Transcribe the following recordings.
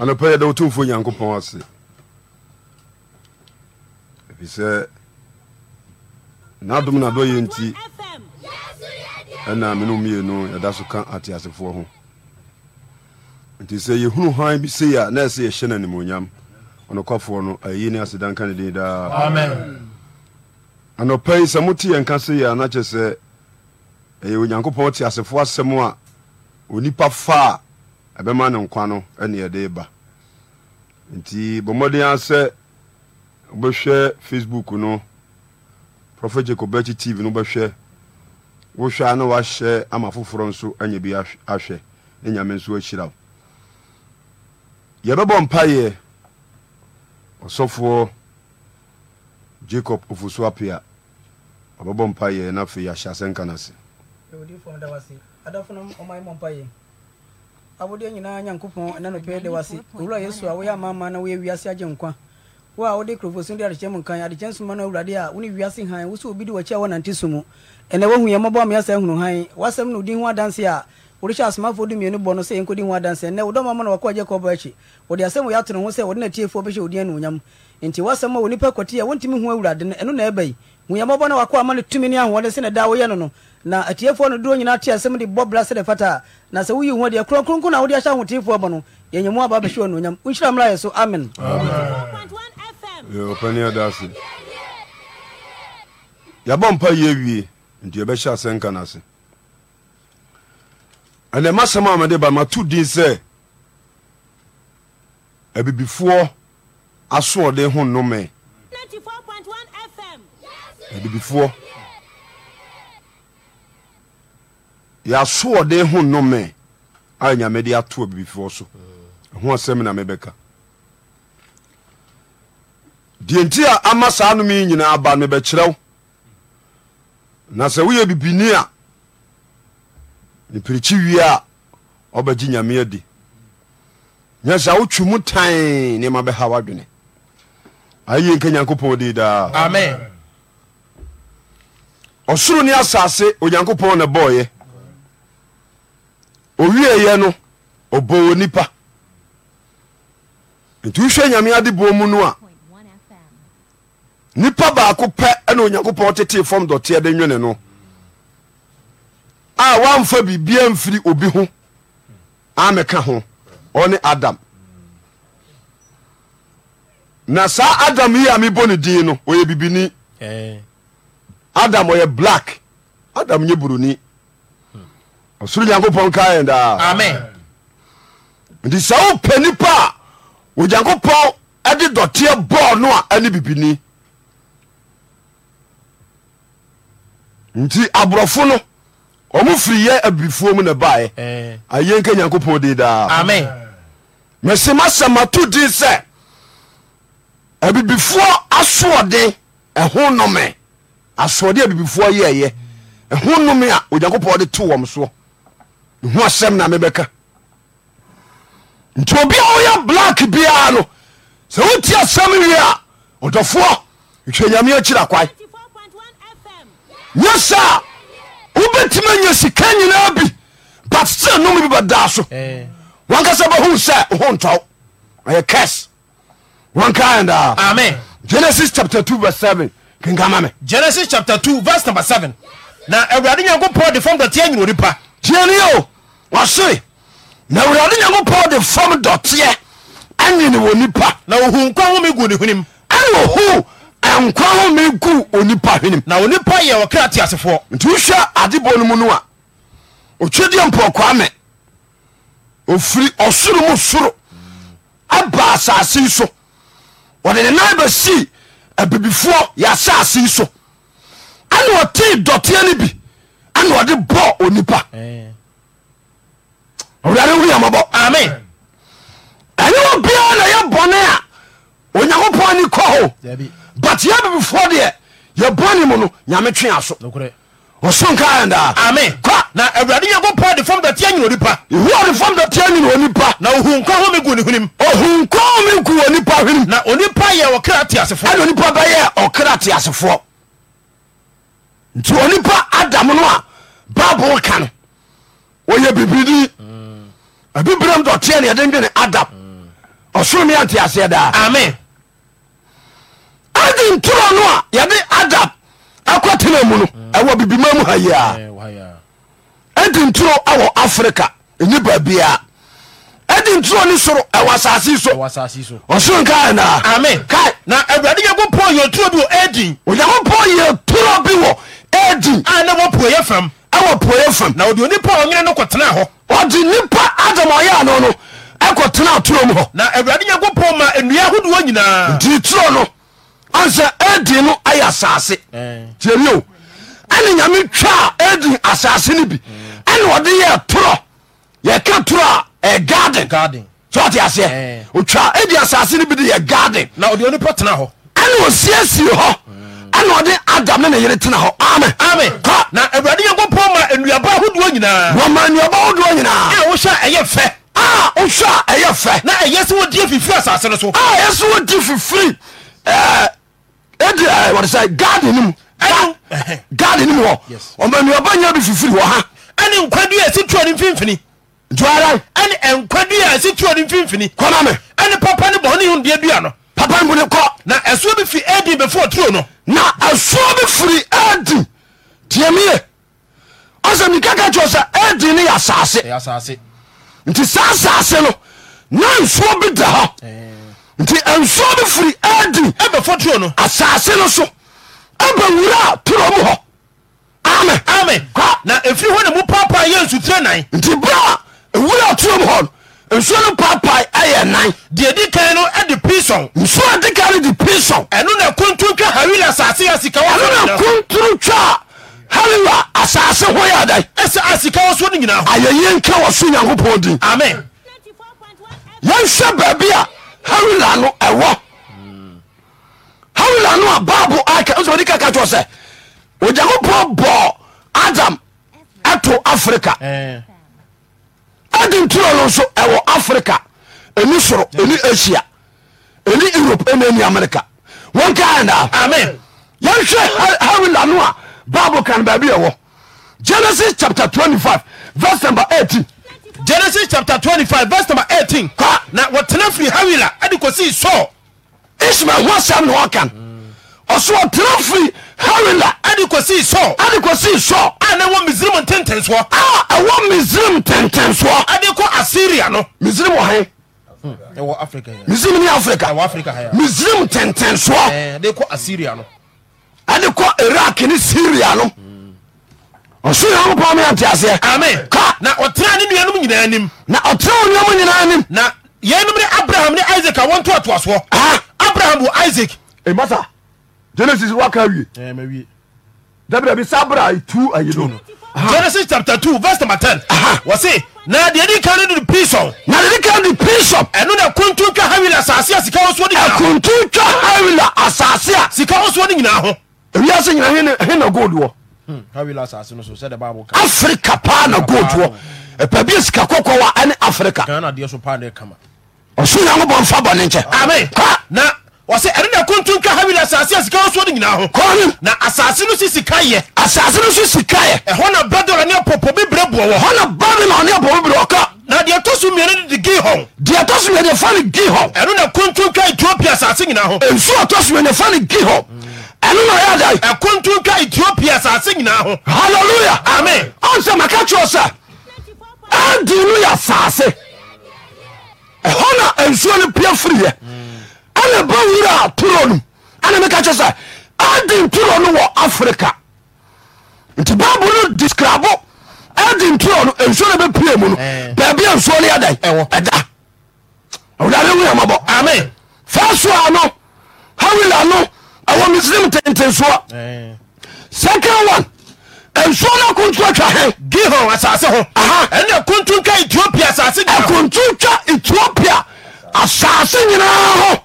anɔpɛ yɛda wotomfo nyankopɔn ase ɛfi sɛ n'adom n'adɔyɛ nti ɛna menomienu yɛda so ka ateasefoɔ ho nti sɛ yɛhunu hann bi sei a na ɛsɛ yɛhyɛ no animonyam ɔnokwafoɔ no ayi ne asedanka ne din daa anɔpɛ yi sɛ mote yɛn ka sei a na kyɛ sɛ ɛyɛ onyankopɔn te asɛm a onipa faa ɛbɛma ne nkwa no ɛne ɛde ba nti bɔmmɔden a sɛ wobɛhwɛ facebook no prophet jacob akyi tv no wobɛhwɛ wohwɛ a na wahyɛ ama foforɔ nso anya bi ahwɛ ne nyame nso ahyira wo yɛbɛbɔ mpaeɛ ɔsɔfoɔ jacob ofuso apia ɔbɛbɔ mpaeɛ na afei ahyɛ asɛnka no ase awodeɛ nyinaa nyankopɔn ɛna nopɛɛ da wase owura yesu a woyɛ amaama na woyɛ wiase agye nkwa wo a wode kurofosu de adekyɛ mu nkan adekyɛ nsoma no awurade a wone wiase han wo sɛ obi de wakyi a wɔnante so mu ɛnɛ woahu yɛ mmɔbɔ ameasa ahunu han wasɛm no wodi ho adanse a worehyɛ asomafoɔ de bɔ no sɛ yɛnkɔdi ho adanse ɛnɛ wo dɔma na wakɔ agye kɔbɔ akyi wɔde asɛm wɔ yɛato ne ho sɛ wɔde natiefoɔ bɛhyɛ wodin anuonyam nti wasɛm a wɔ nipa kɔte a wontumi ho awurade no ɛno na ɛba yi hu yɛ mmɔbɔ na wakɔ ama no tumi ne ahoɔden sɛ daa woyɛ no no na atiefoɔ no doɔ nyinaa te asɛm de bɔ bra sɛde fata na sɛ woyi ho deɛ kronkronko na wode ahyɛ ahoteefoɔ bɔ no yɛnyɛ mu aba bɛhwɛ anuonyam wonhyira mmra yɛ so amen ɔpani yɛbɔ mpa yɛ awie nti yɛbɛhyɛ asɛm ka no ase ɛnɛ masɛm a mede ba mato din sɛ abibifoɔ asoɔden ho nnome abibifoɔ yɛasoɔde ho nnome a nyamede atoa bibifoɔ so ho asɛm na mebɛka deɛ nti a ama saa nom yi nyinaa aba mebɛkyerɛ wo na sɛ woyɛ bibini a nepirikyi wie a ɔbɛgye nyame adi nya sɛ wotwi mu tae nneɛma bɛha w'adwene ayɛ nka nyankopɔn dii daa ɔsoro ne asase onyankopɔn na bɔɔyɛ owieeɛ no ɔbɔɔ nipa nti wohwɛ nyame ade boɔ mu no a nipa baako pɛ ɛna onyankopɔn tetee fam dɔteɛ de nwene no a wamfa biribia mfiri obi ho ameka ho ɔne adam na saa adam yi a mebɔ ne din no ɔyɛ bibini adam ɔyɛ black adam nyɛ buroni ɔsoro nyankopɔn kaɛ daa nti sɛ wopɛ nipa a onyankopɔn de dɔteɛ bɔɔ no a ɛne bibini nti aborɔfo no ɔmo firi yɛ abibifuo mu na baɛ eh. ayenka nyankopɔn de daa mese masɛ mato din sɛ abibifoɔ asoɔden ɛho nome asoɔden abibifoɔ yɛyɛ ɛho nome a onyankopɔn de to wɔm soɔ sɛnɛantiobia oyɛ blak bia no sɛwoti asɛmwea df nyairakwayasɛ wobɛtimi anya sika yinaa bi ba sɛ nom bi bɛda so eh. wakasɛ bahu sɛ otɛe a a tianio wɔse na awurade nyankopɔn de fam dɔteɛ anene wɔ nipa na ohu nkwa home gu ne hwenem ɛne ohu nkwa home gu onipa hwenem na onipa yɛ ɔkra te asefoɔ nti wohwɛ adebɔ no mu no a otwadeɛ mpɔkwaa me ofiri ɔsoro mu soro aba asase so ɔde ne nan bɛsii abibifoɔ yɛ asase so ɛne ɔtee dɔteɛ no bi ana ɔde bɔ onipa ɔwurade hu yamabɔ amen ɛne wɔ biara na yɛ bɔne a onyankopɔn ani kɔ ho but yɛ bibifoɔ deɛ yɛbɔne mu no nyame twee aso ɔson ka ɛndaa amen kɔ na awurade nyankopɔn de fam dɔteɛ nyina onipa ɛwura de fam dɔteɛ nyina onipa na ohun kɔ home gu ne hwenem ohun kɔ home gu onipa hwenem na onipa yɛ ɔkra teasefoɔ ɛne onipa bɛyɛ ɔkra teasefoɔ nti onipa Adamu. no a kan. Onye bibiri wɔyɛ bibini abibirem dɔteɛ ne yɛde dwene adam ɔsorome yɛ nteaseɛ daa amen ade ntoro no a yɛde adam akɔtena mu no ɛwɔ bibima mu ha yia eh, ade ntoro awɔ afrika ɛnyi baabiaa ɛde nturo soro ɛwɔ asase so na turo bi turo bi a na ɛwɔ puoyɛ fam na ɔde onipa ɔnyene no kɔtena hɔ ɔde nipa adam ɔyɛ no no ɛkɔ tena aturo mu hɔ na awurade nyankopɔn ma nnua ahodoɔ nyinaa nti turo no ansɛ adi no ayɛ asase tiamio ɛne nyame twa adi asase no bi ɛne ɔde yɛ torɔ yɛka torɔ a ɛ garden sɛ aseɛ otwa adi asase no bi de yɛ garden na ɔde onipa tena hɔ ɛne ɔsiesie hɔ ɛna ɔde adam ne ne yere tena hɔ amen amen kɔ na awurade nyankopɔn ma nnuaba ahodoɔ nyinaa wɔma nnuaba ahodoɔ nyinaa a wohyɛ ɛyɛ fɛ a wohwɛ a ɛyɛ fɛ na ɛyɛ sɛ wɔdi afifiri asase no so a ɛyɛ sɛ wɔdi fifiri ɛdi wɔde sɛ garden no mu garden no mu hɔ ɔma nnuaba nya bi fifiri wɔ ha ɛne nkwadua ɛsi tuo no mfimfini ntuara ɛne nkwadua ɛsi tuo no mfimfini kɔname ɛne papa ne bɔne ho dua dua no papa mu ne kɔ. na ɛsoɔ bi firi adi bɛfo ɔturo no. na ɛsoɔ bi firi adi tiɛmiye ɔsɛ mi kaka kyerɛ sɛ adi ni yɛ asase. yɛ asase. nti saa no na nsuo bi da hɔ nti nsuo bi firi adi. ɛbɛfo turo no. asase no so ɛbɛ wura turo mu hɔ. amen. amen. na efiri hɔ na mu paapaa yɛ nsutire nan. nti bra ewura turo mu hɔ no nsuo no paapae ɛyɛ nan deɛ di kan no de pison nsuo a di kan no de pison ɛno na kuntun twa hawila asase a sika wɔ na kuntun twa hawila asase ho yɛ adan ɛsɛ a so no nyinaa ayɛyɛ nka wɔ so nyankopɔn din amen yɛnhwɛ baabi a hawila no ɛwɔ hawila no a baabo aka nsɛ wɔde kaka kyerɛ sɛ onyankopɔn bɔɔ adam ɛto afrika argentina no nso ɛwɔ africa Eni soro Eni asia Eni europe Eni ɛni america wọn ká ɛnda. amen. yẹn hwɛ hawila no a bible kan baabi ɛwɔ genesis chapter twenty five verse number eighteen. genesis chapter twenty five verse number eighteen. ka na wɔtena firi hawila ɛdi kò sí sɔɔ. ismael wọn sàm ni wọn kan ɔsùn wɔtena firi hawila ɛde kɔsii sɔ ɛde kɔsii sɔ a na ɛwɔ misiri ntentensoɔ a ɛwɔ misiri ntentensoɔ ɛde kɔ asiria no misiri wɔ hɛn ɛwɔ africa yɛ misiri ni africa ɛwɔ africa yɛ misiri ntentensoɔ ɛɛ ɛde kɔ asiria no ɛde kɔ iraq ni syria no ɔsoro yɛn kopɔn mi ante aseɛ amen ka na ɔtena ne nuanom nyinaa anim na ɔtena wɔn nuanom nyinaa anim na yɛnom ne abraham ne isaac a wɔn to atoasoɔ abraham wɔ isaac emata genesis waka wie dabra bi sa bra tu ayi no genesis chapter two verse number ten wɔ se na deɛ di kan no de prison na deɛ di kan de prison ɛno na kuntu twa hawila hmm, asase a sika wosoɔ ne nyinaa kuntu twa hawila asase a sika wosoɔ ne nyinaa ho ewiase nyina he na gold wɔ afrika paa na gold wɔ ɛpɛ bi sika kɔkɔ wa ɛne afrika ɔso nyankopɔn mfa bɔne nkyɛ amen na wɔsɛ ɛne na kontom ka hawil asase a sika wɔ soɔ no nyinaa ho kɔnem na asase no so sika yɛ asase no so sika yɛ ɛhɔ na babylon ne apɔpɔ bebrɛ boɔ wɔ hɔ na babylon ne apɔpɔ bebrɛ ɔka na deɛ ɛtɔ so mmienu de de gihon deɛ ɛtɔ so mmienu fa no gihon ɛno na kontom ka ethiopia asase nyinaa ho nsuo ɛtɔ so mmienu fa no gihon ɛno na ɔyɛ adae ɛkontom ka ethiopia asase nyinaa ho halleluya amen ɔnsɛ maka kyerɛ sɛ adi no yɛ asase ɛhɔ na nsuo no pia firiɛ mm ɛne ba wura toro no ane meka kyɛ sɛ aden toro no wɔ afrika nti bible no diskrabo aden toro no nsuo no bɛpie mu no eh. baabi a nsuo no yɛdɛn ɛda awurade wu yamabɔ amen fasoa no hawila no ɛwɔ misrim tentensoa eh. second one nsuo no akontu atwa he gihon asase ho ɛne akontu twa ethiopia asase ɛkontu twa ethiopia asase nyinaa ho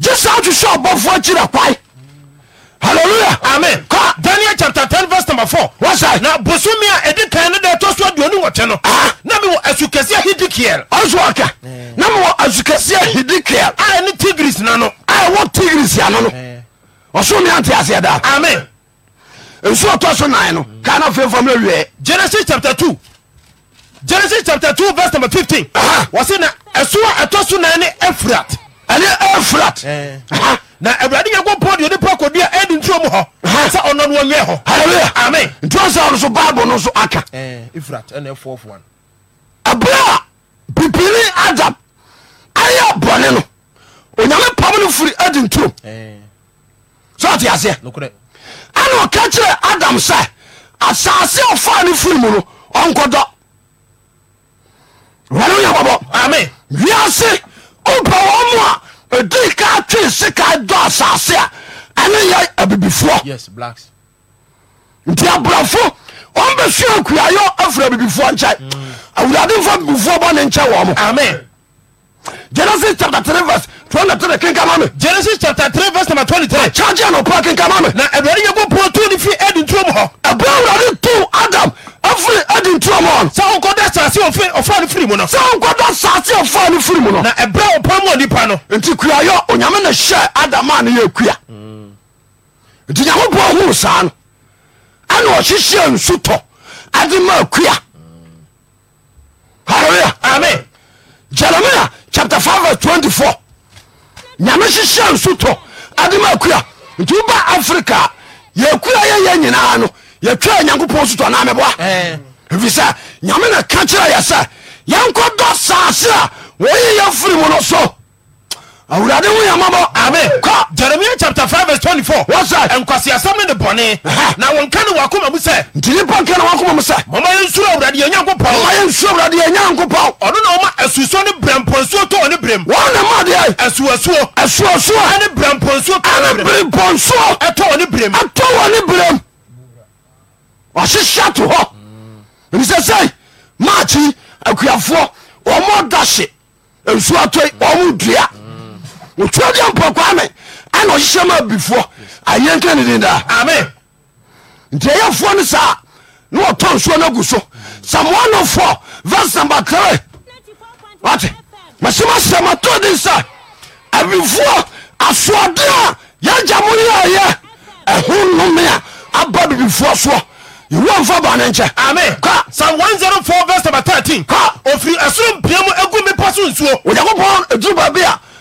jesa hwehwɛ ɔbɔfoɔ akyira kwae hallelujah amen kɔ daniel chapter ten verse number four wasa na bosomi a ɛdi kan ne de ɛtɔ so aduonu wɔtɛ no ah. na mi wɔ asukɛseɛ hidikiel ɔnso aka na mi wɔ asukɛseɛ hidikiel a ɛne tigris na no a ɛwɔ tigris ano no ɔsoro mi ante aseɛ daa amen nsu ɔtɔ so nan no kaa na fɛn fam na wiɛ genesis chapter two genesis chapter two verse number fifteen wɔsi na ɛso a ɛtɔ so nan ne efirat ɛne ɛfrat eh. ah, na awurade nyankopɔn deɛ onipa kɔdi a nturo mu hɔ sɛ ɔno no ɔnyɛ hɔ halleluya amen nti ɔsa no so bible no so aka eh, ɛberɛ a bibini adam ayɛ bɔne no onyame pam no firi adi nturo eh. sɛ ɔte aseɛ ana ɔka kyerɛ adam sɛ asase ɔfaa no firi mu no ɔnkɔdɔ wɛne onyabɔbɔ amen wiase ompa wo mua odi ka twe sika do asase a ane ye abibifoo nti abrafo ombesuo okuayo afra abibifoo nke awurademfo abibifoo bɔne nkye womo genesis chapter three verse twenty three kinkama mi. genesis chapter three verse number twenty three. akyájá àná pa kinkama mi. na ẹ̀rọ̀dì yẹn kó pọ̀ tó ní fi ẹ̀dùn tó mọ̀. ẹ̀bùn awurade tún adam ẹ̀fìn ẹ̀dùn tó mọ̀. sáwọn kọ́ da sàásì ọ̀fà ni firi mu nọ. sáwọn kọ́ da sàásì ọ̀fà ni firi mu nọ. na ẹ̀bùrẹ̀ ọ̀pọ̀ mọ̀ nípa nọ. nti kuya yọ onyame na hyẹ adam a ne yẹ kuya. nti nyame bọ̀ ọ̀hún sàn ẹna ọ̀hyehyẹ nsutọ̀ ẹ̀dín mọ̀ kuya. hallelujah. amen. jeremiah chapter five verse twenty four nyame hyehyɛ nso tɔ adema akua nti woba africa yɛkua yɛyɛ nyinaa no yɛtwa nyankopɔn so tɔ anameboa ɛfiri sɛ nyame na ka kyerɛ yɛ sɛ yɛnkɔdɔ saase a wɔyɛ yɛfiri mu no so awurade wo yamabɔ ame kɔ jeremia chapter five verse twenty four wɔsɛ nkwasiasɛm ne bɔne na wɔn ka ne wakoma mu sɛ nti nipa ka ne wakoma mu sɛ mɔmɔ yɛ nsuro awurade yɛ nyankopɔn mɔmɔ yɛ nsuro awurade yɛ nyankopɔn ɔno na ɔma asusuo ne brɛmpɔnsuo tɔɔ ne brɛm wɔn na ma deɛ asuasuo asuasuo ɛne brɛmpɔnsuo tɔɔ ne brɛm ɛne brɛmpɔnsuo ɛtɔɔ brɛm ɛtɔɔ ne brɛm ɔhyehyɛ to hɔ nisɛ maakyi akuafoɔ ɔmɔ da hye nsuo atɔi ɔmo dua otuaada mpa koa me ane osyesyema bibifuo ayekenedind tayfu n sa tsuso sam vrse nm 3sasmatods abbifuo asude yaamo yy ho noma aba bibifuo sfa bk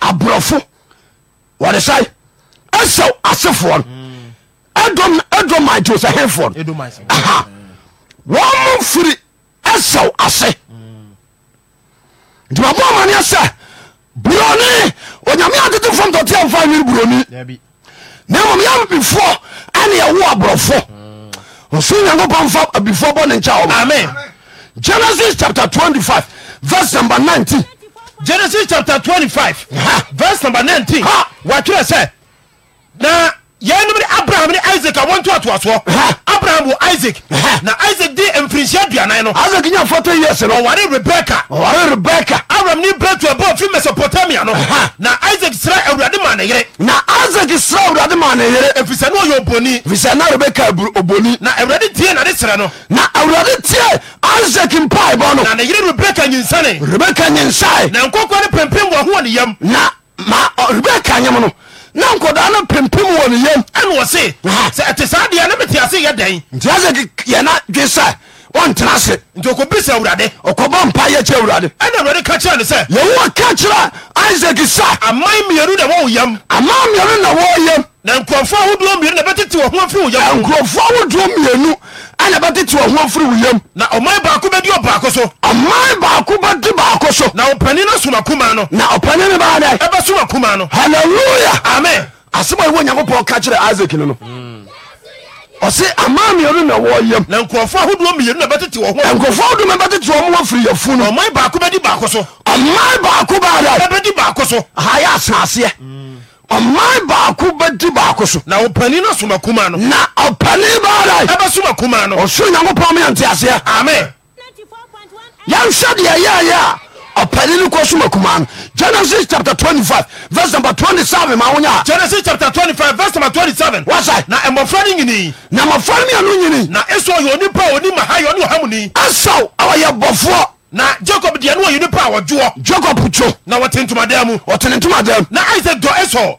aborɔfo wɔde sɛe ɛsɛw asefoɔ no ɛdomite sɛ hefoɔ no wɔmo firi ɛsɛw ase nti mabɔ amaneɛ sɛ buroni onyame atete fam tɔte mfa nwere buroni na mmom yɛ abifoɔ ane ɛwo aborɔfo ɔso nyankopɔn mfa abifoɔ bɔ ne nkyɛ wɔ genesis chapter 25 verse number 19 genesis chapter tweny 5ive verse number nineteen watwere se na ye nobe abraham ne isaak awontoatoasɔ abraham wo isak na isaak de mfirinsia diana owrerebekaa aram nebrɛtabo fi mesopotamia o naisak serɛ awurade mane yerenaisak serɛawr fisa nnwrerɛwrɛayere rebeka saenankkane pepea na nkodaa no pempem wɔ ne yam ɛnewɔ se sɛ ɛte saa deɛ ne mete ase yɛ dɛn nti asɛ yɛna dwe sɛ wontena se nti okobisa awurade ɔkɔbɔ mpa yɛ kyerɛ awurade ɛna awurade ka kyerɛ ne sɛ yɛwoa ka kyerɛ isak sa aman mmienu na wɔwo yam ama mmienu na wɔwo yam na nkurɔfoɔ ahodoɔ mmienu na bɛtete wɔ ho afiri wo yam nkurɔfoɔ ahodoɔ mmienu ɛna bɛtete wɔ ho afiri wo yam na ɔman baako bɛdi ɔbaako so ɔman baako bɛdi baako so na ɔpani no som akoma no na ɔpani no baa dɛ ɛbɛsom akoma no halleluya amen asɛm a ɛwɔ nyankopɔn ka kyerɛ isak no no mm ɔse ama mmienu na wɔyam na nkurɔfoɔ ahodoɔ mmienu na bɛtete wɔ ho nkurɔfoɔ wodoma bɛtete wɔ mo wafiri yafu no ɔman baako bɛdi baako so ɔman baako baada bɛbɛdi baako so ha yɛ asenaseɛ ɔman baako bɛdi baako so na ɔpani no soma kuma no na ɔpani baada ɛbɛsoma kuma no ɔso nyankopɔn meyɛ nteaseɛ amen yɛnhwɛ deɛ yɛyɛ a ɔpani no kɔ soma kuma no genesis chapter 25 verse number 27 ma wonya genesis chapter 25 verse number 27 wasa na mmɔfra no nyini na mmɔfra no mianu nyini na esau yɛ onipa a ɔni maha yɛ ɔne mu ni esau awɔ yɛ bɔfoɔ na jacob deɛ ne wɔyɛ nipa a wɔdwoɔ jacob two na wɔte ntomadan mu ɔtene ntomadan mu na isaac dɔ esau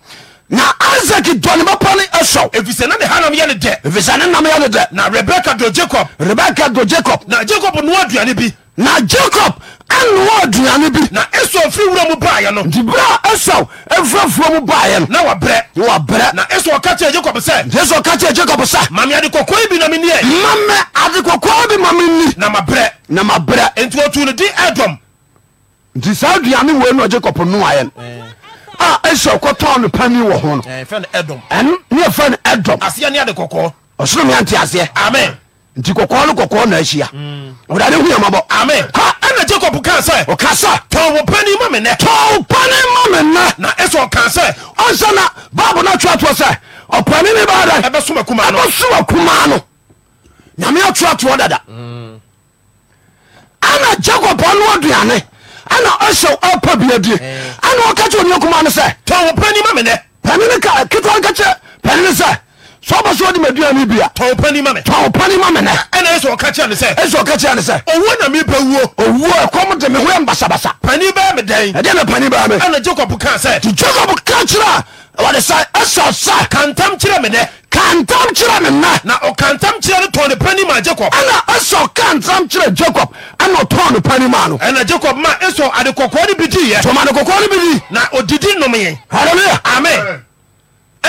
na isaac dɔ ne bɛpɔ ne esau efisɛ na ne hanam yɛ ne dɛ efisɛ ne nam yɛ ne dɛ na rebeka dɔ jacob rebeka dɔ jacob na jacob noa aduane bi na jacob anoa aduane bi na esau firi wura mu baayɛ no nti bere esau, esau afirafuo mu baayɛ no na wa wa wabrɛ na esau ka kyerɛ jacob sɛ esau ka kyerɛ jacob sɛ mame ade kɔkɔɔ bi na menniɛ mamɛ ade kɔkɔɔ bi ma ni? na ma mabrɛ na ma mabrɛ enti otu no di edom nti saa aduane wei no jacob noaɛ no a esau kɔtɔn no pani wɔ ho no eh, ɛno ne yɛfrɛ no edom aseɛ ne ade kɔkɔɔ ɔsoro meante aseɛ amen nti kɔkɔɔ no kɔkɔɔ na ahyia mm. wurade hu yamabɔ Amen. ha ɛna jacob kaa sɛ ɔka sɛ tɔn wo pani ma me nɛ tɔn pani ma me nɛ na ɛsɛ ɔka sɛ ɔnsɛ na bible no atwerɛtoɔ sɛ ɔpani ne baa dɛ ɛbɛsoma kumaa no ɛbɛsoma kumaa no dada ana mm. jacob ɔno aduane ana ɔhyɛ ɔpa bi adie ana eh. ɔka kyɛ onua kumaa no sɛ tɔn wo pani ma me ne ka ketewa nka kyɛ pani sɛ sọ bá sọ di ma duane bi a. tɔw pani ma mɛ. tɔw pani ma mɛ nɛ. ɛna esɔ ɔka kyerɛ ne sɛ. esɔ ɔka kyerɛ ne sɛ. owó na mi bɛ wo. owó ɛkɔm de mi wo yɛ basabasa. pani bɛɛ mi dɛn. ɛdɛ na pani bɛɛ mi. ɛna jacob kan sɛ. ti jacob kan kyerɛ wɔde sa esɔ sa. kantam kyerɛ mi dɛ. kantam kyerɛ mi nɛ. na o kantam kyerɛ ne tɔn ne ma jacob. ɛna esɔ kantam kyerɛ jacob ɛna tɔn ne pani ma no. ɛna jacob ma esɔ adekɔkɔɔ ni bi di yɛ. tɔmɔ adekɔkɔɔ ni bi di. na odidi numu ye. hallelujah.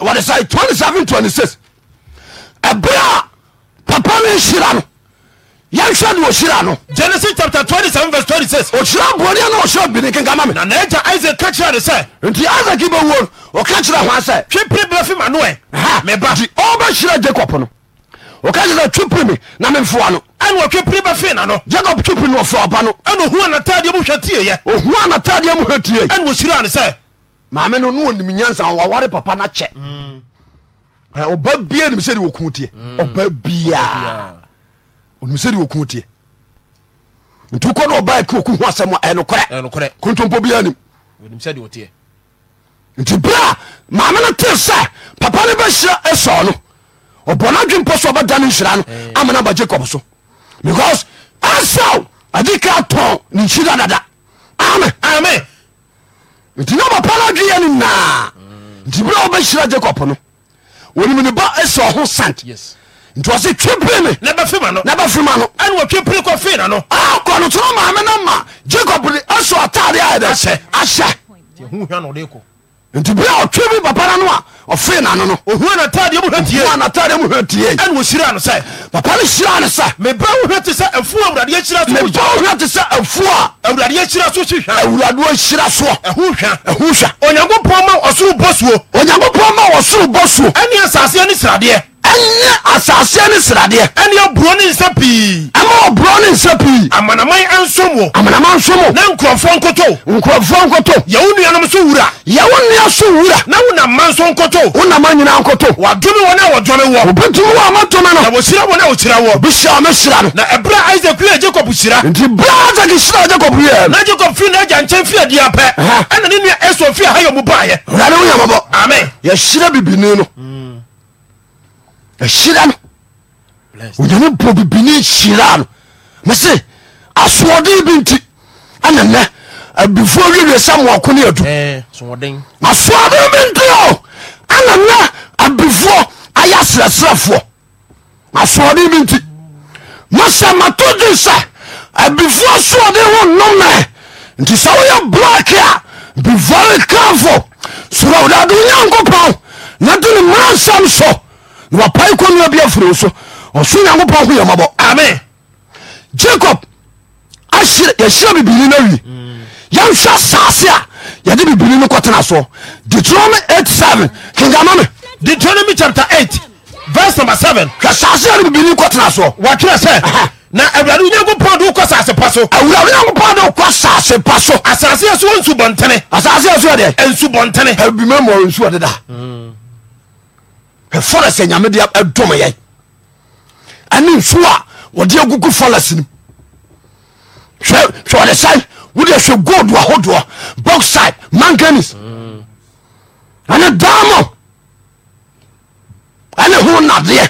wɔde sɛ 27 26 ɛberɛ a papa no nhyira no yɛnhwɛ ne ɔhyira no genesis chapter 27 verse 26 ɔhyira boɔneɛ na ɔhyɛ bini kenkama me na n'agya isaac ka kyerɛ ne sɛ nti isaac bɛwuo no ɔka kyerɛ ho sɛ twepere bra fi ma no ɛ meba nti ɔbɛhyira jacob no ɔka kyerɛ sɛ twepere me na memfoa no ɛne ɔtwepere bɛfee na no jacob twepere no ɔfa ɔba no ɛne ɔhu anatadeɛ mu hwɛ tieyɛ ɔhu anatadeɛ mu hwɛ tie ɛne ɔhyira ne sɛ maame no ne wɔnim nyansa waware papa no kyɛ ɔba bia nim sɛde wɔku tie mm. ɔba bia ɔnim sɛde wɔku tie nti wokɔ ne ɔba ki wɔku ho asɛm a ɛnokorɛ kontompo bia nim nti berɛ a maame no te sɛ papa no bɛhyira ɛsɔ no ɔbɔ no adwe mpɔ so ɔbɛda no nhyira no amana ba jacob so because asaw ade ka tɔn ne nhyira dada amen amen nti na bapa no adweyɛ no naa nti berɛ a wobɛhyira jacob no onim ne ba asi ɔho sant nti ɔse twe pere me na bɛfema no ɛnwɔtwepere kɔfee na no akɔnotoro maame no ma jacob de aso atade aɛdɛ ahyɛ nti bia ɔtwe bi papara no a ɔfee nano no ɔhuanatademuhatienwɔhyira no sɛ papa no hyira no sɛ meba wohwɛ te sɛ afuo awurade ahyira so meba wohwɛ te sɛ afuo a awurade ahyira so hwehwɛ awurade ahyira soɔ ɛho hwa ɛho hwa onyankopɔn ma ɔsoro bɔ suo onyankopɔn ma ɔsoro bɔ suo ɛne asase ne sradeɛ ɛnyɛ asaseɛ ne sradeɛ ɛne aburo ne nsa pii ɛma ɔborɔ ne nsa pii amanaman ansom wɔ amanama nso mo na nkurɔfoɔ nkoto nkurɔfoɔ nkoto yɛwo nuanom so wura yɛwo nnua so wura na wonam ma nso nkoto wonama nyinaa nkoto wadome wɔn a wɔdome wɔ obɛtumi wɔ amatome na no wɔhyira wɔn a wɔhyira wɔ bɛhyia me hyira no na ɛberɛ isak yɛ jakob hyira nti bra isak hyira jakob yɛ na jakob firi n'agya nkyɛn firi adi apɛ ɛna ne nua esau firi ahayɔ mu baayɛ wurade woyamɔbɔ amen yɛhyira bibini no mm ɛhyira no onyame bɔ bibini hyiraa no mese asoɔden bi nti anenɛ abifoɔ wiwie sɛ moako ne adu asoɔden bi nti o anenɛ abifoɔ ayɛ serɛserɛfoɔ asoɔden bi nti masɛ mato gye sɛ abifoɔ soɔden ho nnome nti sɛ woyɛ blake a be very careful sorɛ wodade onyankopɔn na de ne mmaransɛm so na wapae konua bi afiri so ɔso nyankopɔn ho yɛmabɔ ame jacob yɛhyira bibiri no awi yɛnhwɛ asase a yɛde bibiri no kɔtena soɔ deuteronomy 87 kenkama me deuteronomy chapter 8 verse number 7 hwɛ asase a ne bibiri no kɔtena soɔ wɔtwerɛ sɛ na awurade onyankopɔn de wokɔ sase pa so awurade onyankopɔn de wokɔ sase pa so asase a so wɔ nsubɔntene asase a so yɛ deɛ nsubɔntene abima mɔ nsuɔ deda mm forest nyame de ɛdom yɛ ɛne nsuo a wɔde agugu forest no hwɛ hwɛ ɔde sɛ wode hwɛ gold ahodoɔ boxside manganis ɛne diamond ɛne ho nadeɛ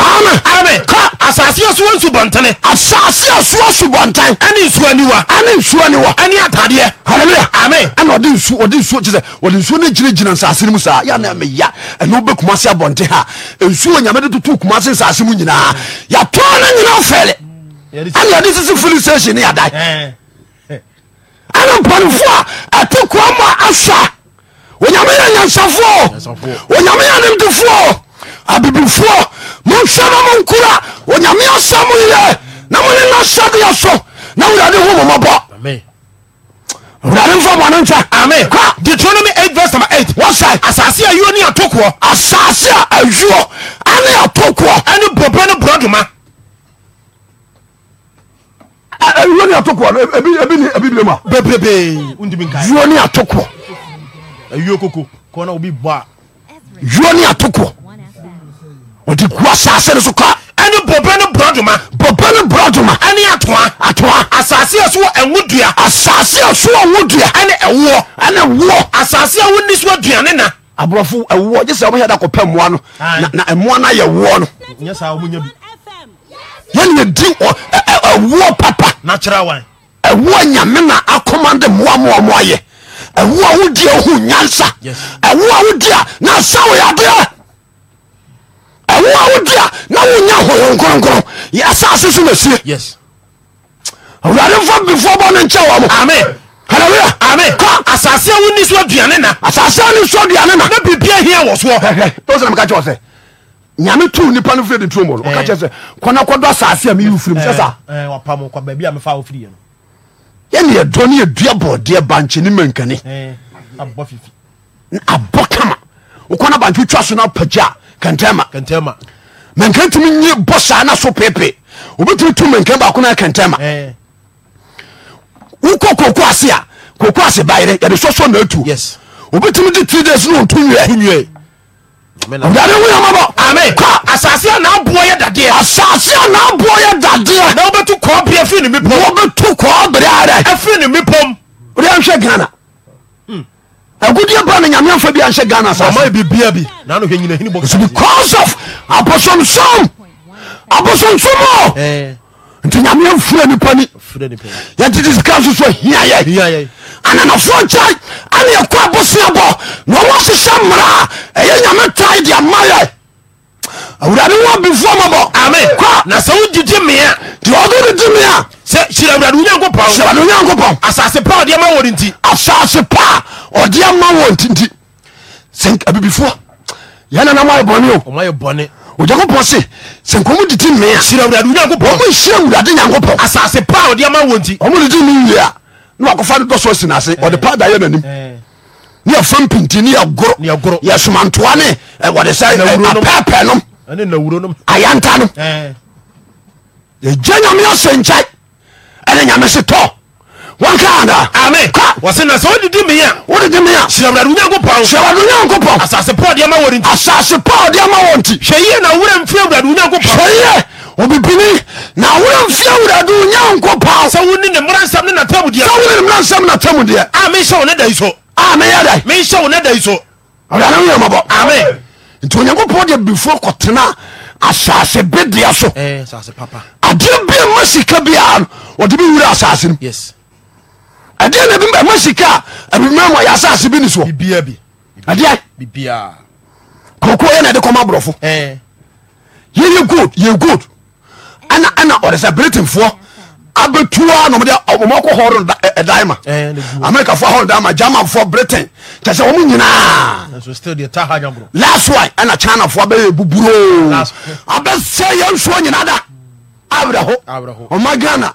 amen amen ka asase asuwa nsubɔntene asase asuwa subɔnten ɛne nsuaniwa ɛne nsuaniwa ɛne atadeɛ hallelujah amen ɛna ɔde nsu ɔde nsuo kyerɛ ɔde nsuo ne gyinagyina nsase no mu sa. yɛ na ya. ɛna ɔbɛ kumase abɔnten ha nsuo nyame de tutu kumase nsase mu nyinaa yɛtɔn no nyinaa fɛlɛ ɛna yɛde sisi filling station ne yɛdan ɛna mpanimfoɔ a ɛte kɔn mu a asa onyame yɛ nyansafoɔ onyame yɛ animdefoɔ abibifoɔ monhwɛ no mo nkura onyame asɛm yɛ na mone na sɛdeɛ so na wurade ho mɔmɔbɔ wurade mfa bɔne nkyɛ ame deuteronomy 8 vs 8 wɔsɛ asase ayuo ne atokoɔ asase a ayuo ane atokoɔ ɛne bobe ne borɔdoma ayuo ne atokoɔ ebi bi mu a bebrebee yuo ne atokoɔ ayuo koko kɔna obi bɔ a yuo ne atokoɔ ɔde gu asase no so ka ɛne bobe no borɔdoma bobe no borɔdoma ɛne atoa atoa asase a so ɛwo dua asase a so wo dua ɛne ɛwoɔ ɛne woɔ asase a wonni so aduane na aborɔfo ɛwoɔ gye sɛ wɔmhyɛ da kɔpɛ mmoa no na- ɛmmoa no ayɛ woɔ no yɛne yɛdi ɛwoɔ papa na nyame na akomande mmoa moa mo ayɛ ɛwoa wodie ho nyansa Yes. ɛwoa a na sa wo yɛadeɛ ahoa wodia na wonya hohom kronkron yɛ asase so nasie awurade mfa bifo bɔ no nkyɛ wɔ mo amen hallelujah amen kɔ asase awo ni so aduane na asase awo ni so aduane na na bibi ahia wɔ soɔ hɛhɛ o sɛ na mi ka kyerɛ ɔsɛ nyame tu nipa no firi de tuo mu no ɔka eh. kyerɛ sɛ kɔna kɔdɔ asase mi yi firi mu sɛ eh, sa eh, wapam kɔ baabi a mefa wo firi yɛ no yɛne yɛdɔ ne yɛdua bɔɔdeɛ bankye ne mankane abɔ kama wokɔna bankye twa so no apagya kentema menka timi ye bo saa na so pepe obɛtimi tu menka baako na kentema wokɔ eh. koko ase a koko ase bayerɛ yɛde sɔsɔ na atu obɛtimi de three days na ɔto wie dade woyamabɔ ame kɔ asase a naaboɔ yɛ dadeɛ asase a naaboɔ yɛ dadeɛ na wobɛtu kɔɔbere afiri ne mepɔm wobɛtu kɔɔbere adɛ afiri ne mepɔm wode anhwɛ ghana agudeɛ ba na nyame mfa bi anhyɛ ghana sas because of abosonsom abosonsom o eh. nti nyame mfura nipa ni yɛntete sika so so ahia yɛ ananafoɔ nkyɛe ane yɛkɔ abosea bɔ na ɔwɔ hyehyɛ mmara a ɛyɛ nyame tae de ama yɛ awurade wɔ bifoɔ mɔbɔ na sɛ wogyegye mmea deɛ ɔdo regye mmea sɛ hyira awurade wo nyankopɔn hyira no nyankopɔn asase pa ɔdeɛ ma wɔ no nti asase pa ɔdeɛ ma wɔ ntinti sɛ abibifoɔ yɛna na moayɛ bɔne o ɔmayɛ bɔne onyankopɔn se sɛ nkɔmu didi mmea hyira awurade wo nyankopɔn ɔmo hyira awurade nyankopɔn asase pa ɔdeɛ ma wɔ nti ɔmo didi ne wie a na wakɔfa no dɔsɔ si n'ase eh. ɔde pa da yɛ n'anim eh. ne yɛfa mpinti ne yɛgoro yɛsomantoa ne eh, wɔde sɛ apɛɛpɛɛ nom ayanta nom yɛgya ɛne nyame se tɔ wakaada amen wɔsɛ na sɛ wodidi meyɛ wodidi meyɛ hyirɛwurade wonyankopɔn hyirɛwurade wonyankopɔn asase pɔɔ deɛ ma wɔ nti asase pɔɔ deɛ ma wɔ nti hwɛ yie na wura mfiri awurade wonyankopɔn hwɛ yie obibini na wura mfiri awurade wonyankopɔn sɛ woni ne mmara nsɛm ne natamu deɛ sɛ woni ne mmara nsɛm natamu deɛ a menhyɛ wo ne da yi so a meyɛ da menhyɛ wo ne da yi so awurade woyɛ mɔbɔ amen nti onyankopɔn deɛ bifoɔ kɔtena asase bedeɛ so adeɛ bia ma sika wɔde bi wura asase no ɛdeɛ na ɛma sika a abimama yɛ asase bi ne soɔ ɛdeɛ koko yɛ na ɛde kɔma borɔfo yɛyɛ gold yɛ gold ana ana ɔde sɛ britainfoɔ abɛtua na ɔmde ɔmɔkɔ hɔ ɛdae ma amerikafoɔ hɔ ɛdae ma germanfoɔ britain kyɛ sɛ ɔmo nyinaa last wi ɛna chinafoɔ abɛyɛ buburoo abɛsɛ yɛnsoɔ nyina da awerɛ ho ghana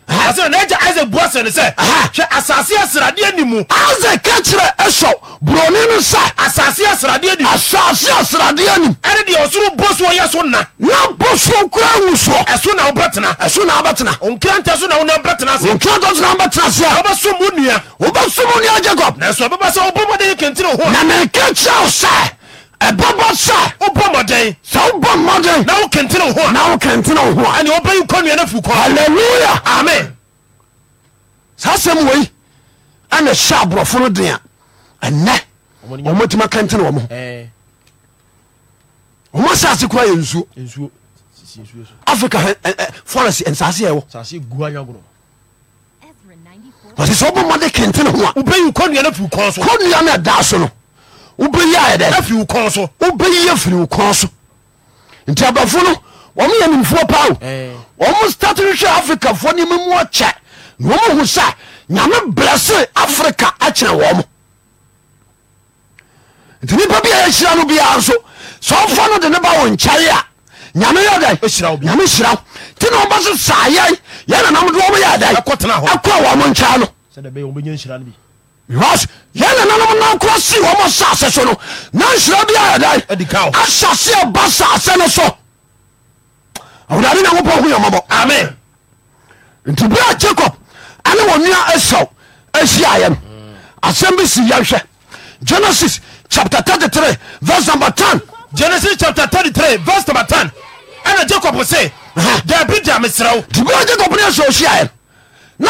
ɛsɛ n'agya isaac bua sɛ ne sɛ hwɛ asase asradeɛ ni mu. isaac kɛkyerɛ ɛsɔ buroni no sɛ. asase asradeɛ ni mu. asase asradeɛ ni mu. ɛne deɛ ɔsoro bosuo yɛ so na. na bosuo kura ewu so. ɛso na ɔbɛ tena. ɛso na ɔbɛ tena. nkiranta so na ɔna ɔbɛ tena se. nkiranta so na ɔbɛ se. ɔbɛ sum mu nua. ɔbɛ sum mu nua jacob. na ɛsɛ ɔbɛ bɛ sɛ ɔbɛ bɔ de kentiri ho. na ne kɛkyerɛ sɛ. ɛbɛbɔ sɛ wobɔ mmɔden sɛ wobɔ mmɔden na wokentene wo ho na wokentene wo ho ɛne wɔbɛyi kɔnnua no afiri kɔ halleluya amen saa sɛm wei ɛna hyɛ aborɔfo no den a ɛnɛ ɔmatumi akentene wɔ mo ho ɔma asase kora yɛ nsuo africa forest nsase ɛwɔ ɔsɛ sɛ wobɔ mmɔde kentene ho a wobɛyi kɔnnua no afiri kɔ so kɔnnua no ɛdaa so no wobɛyiɛdɛfiri wokɔn so wobɛyiɛ firi wo kɔn so nti abafo no wɔmoyɛ nimfoɔ pao ɔmo start hwehwɛ africafoɔ ne mamu ɔkyɛ na wɔmohu sɛ nyame blɛse africa akyerɛ wɔ mo nti nipa bia yɛhyira no biaa nso sɛ ɔfa no de ne ba wo nkyɛe a nyame yɛ dɛnyame hyira wo nti na ɔbɛ so yɛn yɛnanamde wɔmo yɛ dɛn ɛkɔ wɔ mo nkyɛe no m si sassser asasa sassbrajacosases a 3300 jacob s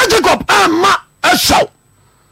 idasrasa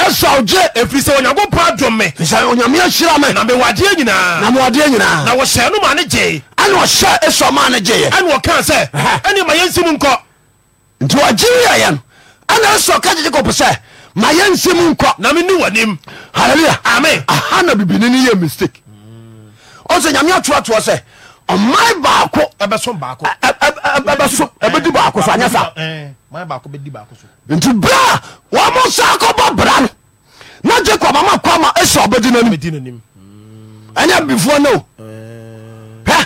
ɛsɔw gye ɛfiri sɛ onyankopɔn adom me sɛ onyame ahyira me na mewadeɛ nyinaa na mewadeɛ nyinaa na wɔhyɛ no ma ne gyee ɛne ɔhyɛ ɛsɔ ma ne gyeeɛ ɛne ɔkaa sɛ ɛne ma yɛnsim nkɔ nti wɔgye ɛna ka gyegye kɔpo sɛ ma nsi m nkɔ na meni w'anim amen aha na bibini no yɛ mistake ɔsɛ sɛ ɔman baako ɛbɛdi baako so anyɛ sa nti bra wɔmo sa kɔbɔ bra no na jacob ama kwama ɛsɛ ɔbɛdi nanim ɛnyɛ bifoɔ no hɛ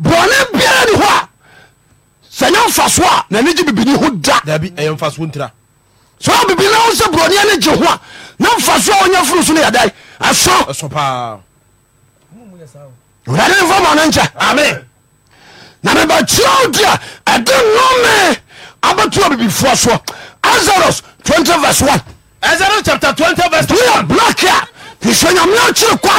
bɔne biara ni hɔ a sɛ nyɛ mfasoɔ a nane gye bibini ho da sɛ bibini ho sɛ burɔneɛ no gye ho a na mfasoɔ a wɔnya furu so no yɛdɛ ɛso na mebɛkyerɛ wo dea ɛde nome abatu abibifoa so as 20woyɛ blaki a ihɛ nyamea akyere kwa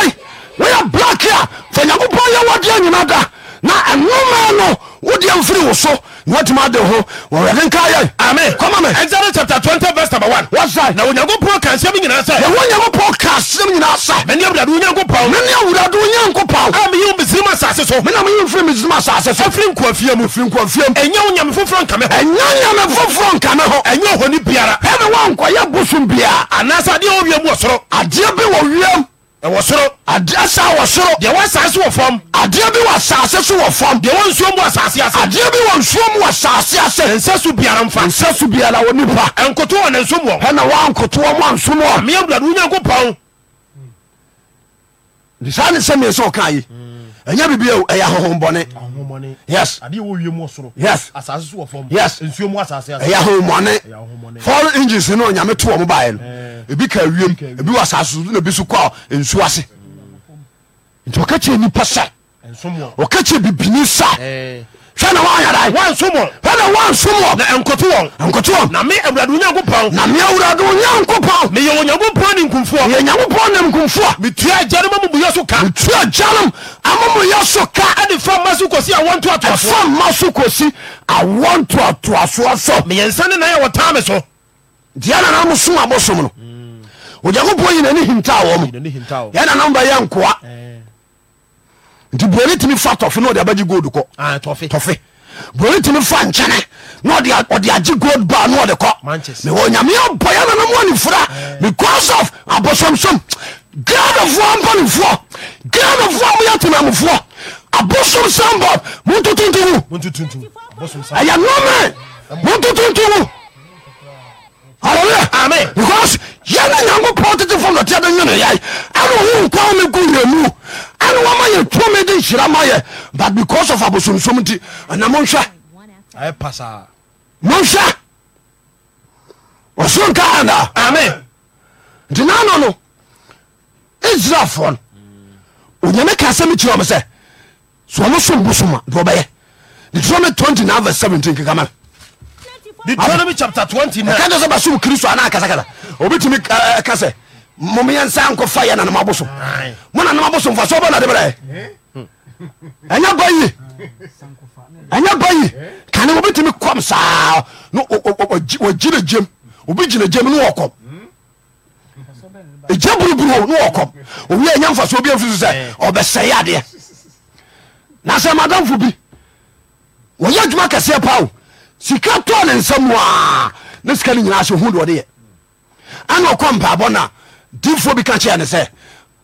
woyɛ blaki a fa nyankopɔn yɛwɔde nyina da na ɛnome no wodeɛ mfiri wo so wọ́tìmá de ho wọ́n yẹ nká yẹ. ami kọ́mọ mi. Exodus chapter twenty verse number one. wọ́n sá. na Onyankopɔn kan sẹ́mi nyinaa sẹ́. na Onyankopɔn kan sẹ́mi nyinaa sẹ́. mẹ ní awuradu Onyankopɔn. mẹ ní awuradu Onyankopɔn. a mi yi Misiri ma saase so. mi na mi yi nfiri Misiri ma saase so. efiri nkwa fie mu. efiri nkwa fie mu. ẹ̀yẹ́ onyàmì foforọ nkàmẹ́ hɔ. ẹ̀yẹ́ onyàmì foforọ nkàmẹ́ hɔ. ẹ̀yẹ́ ohoni biara. ẹ̀mi wọn nkọ yẹ bosom biara. anasa adeɛ wɔ wiem wɔ soro. adeɛ bi wɔ wiem ɛwɔ soro adeɛ sa wɔ soro deɛ wɔ asase wɔ fam adeɛ bi wɔ asase so wɔ fam deɛ wɔ nsuo mu wɔ asase ase adeɛ bi wɔ nsuo mu wɔ asase ase nsa biara mfa nsa biara wɔ nipa nkoto wɔ ne nso mu wɔ ɛna wɔ nkoto wɔ mu anso mu wɔ mmea wura do wunyanko pɔn saa ne sɛ mmiɛnsa ɔka yi ɛnyɛ bibi o ɛyɛ ahohombɔne yes adeɛ wɔ wiem wɔ soro yes asase so wɔ fam yes nsuo mu asase ase ɛyɛ ahohombɔne four engines no nyame to wɔn ebi ka wiem ebi wɔ asase so na ebi so kɔ nsuo ase nti wɔka kyerɛ nipa sɛ wɔka kyerɛ bibini sa hwɛ na wɔayada hwɛ na wɔansom na ɛnkoto wɔn ɛnkoto wɔn na me awurade onyankopɔn na me awurade onyankopɔn meyɛ onyankopɔn ne nkumfoɔ meyɛ nyankopɔn ne nkumfoɔ metua agyanom amumuyɛ so ka metua agyanom amumuyɛ so ka ɛde fa ma so kɔsi awɔ ntoatoasoɔ ɛfa ma so kɔsi awɔ ntoatoasoɔ so meyɛ nsa ne na yɛ wɔtaa me so deɛ na na mo som abosom no mm onyankopɔn yinani hinta wɔ myɛnana bɛyɛ nkoa nti buroni timi fa tɔfe na ɔde abagye gold kɔ ah, tɔfe buroni timi fa nkyɛne na ɔde agye gold ba na ɔde kɔ mewɔ nyame bɔ yɛnanamoane fira because of abosomsom ghanafoɔ mpanifoɔ ghanafoɔ moyɛtenamufoɔ abosom sambɔ montotonto mu ɛyɛ nome montotonto mu hallelujah amen because yẹn nyankopɔn tete fam dɔteɛ de nwene yɛ ɛna ɔwo nkwa me gu yɛ mu ɛna wɔma yɛ tumi de nhyira ma yɛ but because of abosomsom nti ɛna monhwɛ monhwɛ ɔsoro nka ana amen nti nano no israelfoɔ no onyame ka asɛm kyerɛ ɔm sɛ sɛ ɔmo som bosom a deɛ ɔbɛyɛ deuteronomy 29 verse seventeen. 17 kekama deuteronomy chapter 29 ɛka sɛ bɛsom kristo ana kasakasa obɛtumi ka sɛ momeyɛ nsa nkɔfa yɛ nanoma bosom mo nanoma bosom fa sɛ wobɛ nade berɛ eh? ɛnyɛ ba yi ɛnyɛ ba yi kane wobɛtumi kɔm saa wɔgyina gyem obi gyina gyem ne wɔkɔm ɛgya hmm? buruburu ne wɔkɔm owie ɛnya mfa so obi amfiri so sɛ eh. ɔbɛsɛe adeɛ na sɛ madamfo bi wɔyɛ adwuma kɛseɛ o sika tɔ ne nsamaa ne sika ne nyinaa se hu de ɔde yɛ ana ɔkɔ mpaabɔ na difoɔ bi ka kyerɛ ne sɛ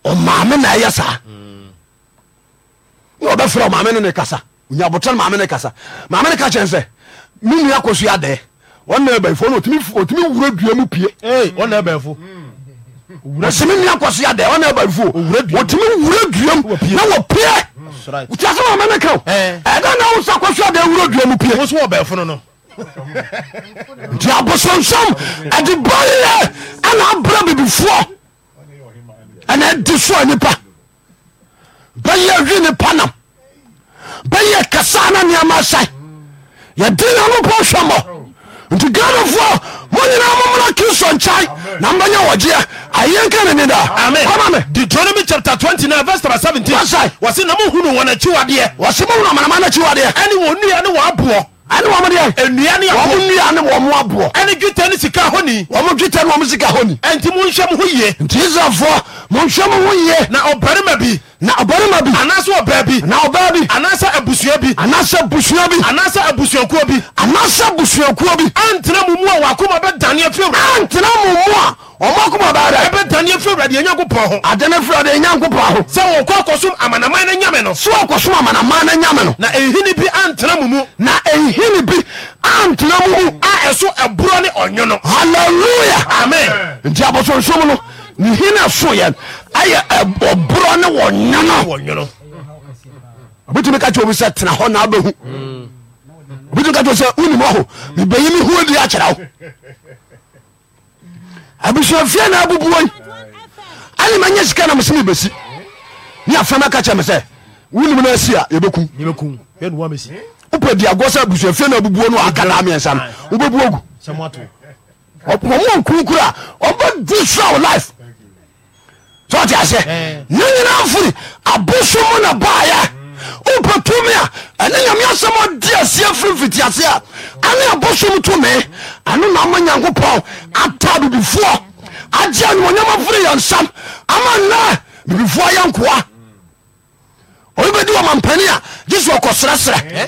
ɔmaame na ɛyɛ saa na ɔbɛfrɛ ɔmaame no ne kasa onyabotɔ no maame ne kasa maame ne ka kyerɛ sɛ me nua kɔ so adɛ ɔna abɛfo no ɔtumi wura dua mu pie ɔna abɛfo ɔsɛme nua kɔ so adɛ ɔna abɛfo ɔtumi wura dua mu na wɔpie wotiasɛ maame ne ka o ɛda na wosa adɛ wura dua mu pie nti abo sonsom adebɔyɛ ana abra bebifoɔ ɛne ɛde so anipa bɛyɛ wine panam bɛyɛ kasa no nneama asae yɛde yɛmopɔ hɛ mɔ nti ganofoɔ monyina momona ke so nkyan na mbɛnyɛ wɔgyea ayɛnkaani daaɛ ohuankwadeɛne ɔna ne waboɔ ɛne wɔm deɛ ɛnua ne wɔm nua ne wɔm aboɔ ɛne dwetɛ ne sika honi wɔm dwetɛ ne wɔm sika honi ɛnti monhwɛ mo ho yie nti israelfoɔ monhwɛ mo ho yɛ na ɔbarima bi na ɔbarima bi anaasɛ ɔbaa bi na ɔbaa bi anaasɛ abusua bi anaasɛ busua bi anaasɛ abusuakuo bi anaasɛ busuakuo bi antena mo mu a wakoma bɛdane afiri antena mo mu a ɔmo akoma baara ɛbɛdane afiri awurade nyankopɔn ho adane afiri awurade nyankopɔn ho sɛ wɔkɔ akɔsom amanaman no nyame no so wɔkɔsom amanaman no nyame no na ehini bi antena mo mu na ehini bi antena mo mu a ɛso ɛborɔ ne ɔnwono halleluya amen nti abosonsom no ne hene soyɛ ayɛ ɔborɔ ne wɔ nwono obɛtumi ka kyɛ obi sɛ tena hɔ na abɛhu obɛtumi ka kyɛ sɛ wonim ɔho mebɛyi me huo di akyerɛ wo abusuafie na abubuoi ane manya sika na mese mebɛsi ne aframa ka kyɛ me sɛ wonim no asi a yɛbɛkum wopɛ diagɔ sɛ abusuafie na abubuo no akada miɛnsa no wobɛbu agu ɔmo nkurukuru a ɔbɛdi sra life sọtì àṣẹ eh. ní nyinaa firi abosomu na baayɛ wopɛ tumi a ɛne nyame asɛm ɔdi aseɛ firi mfiti ase a ɛne abosom tumi ɛno na ama nyankopɔn ata bibifoɔ agye animonyama firi yɛ nsam ama nnɛ bibifoɔ yɛ nkoa oyi bɛdi wɔ mampani a gye sɛ ɔkɔserɛserɛ eh.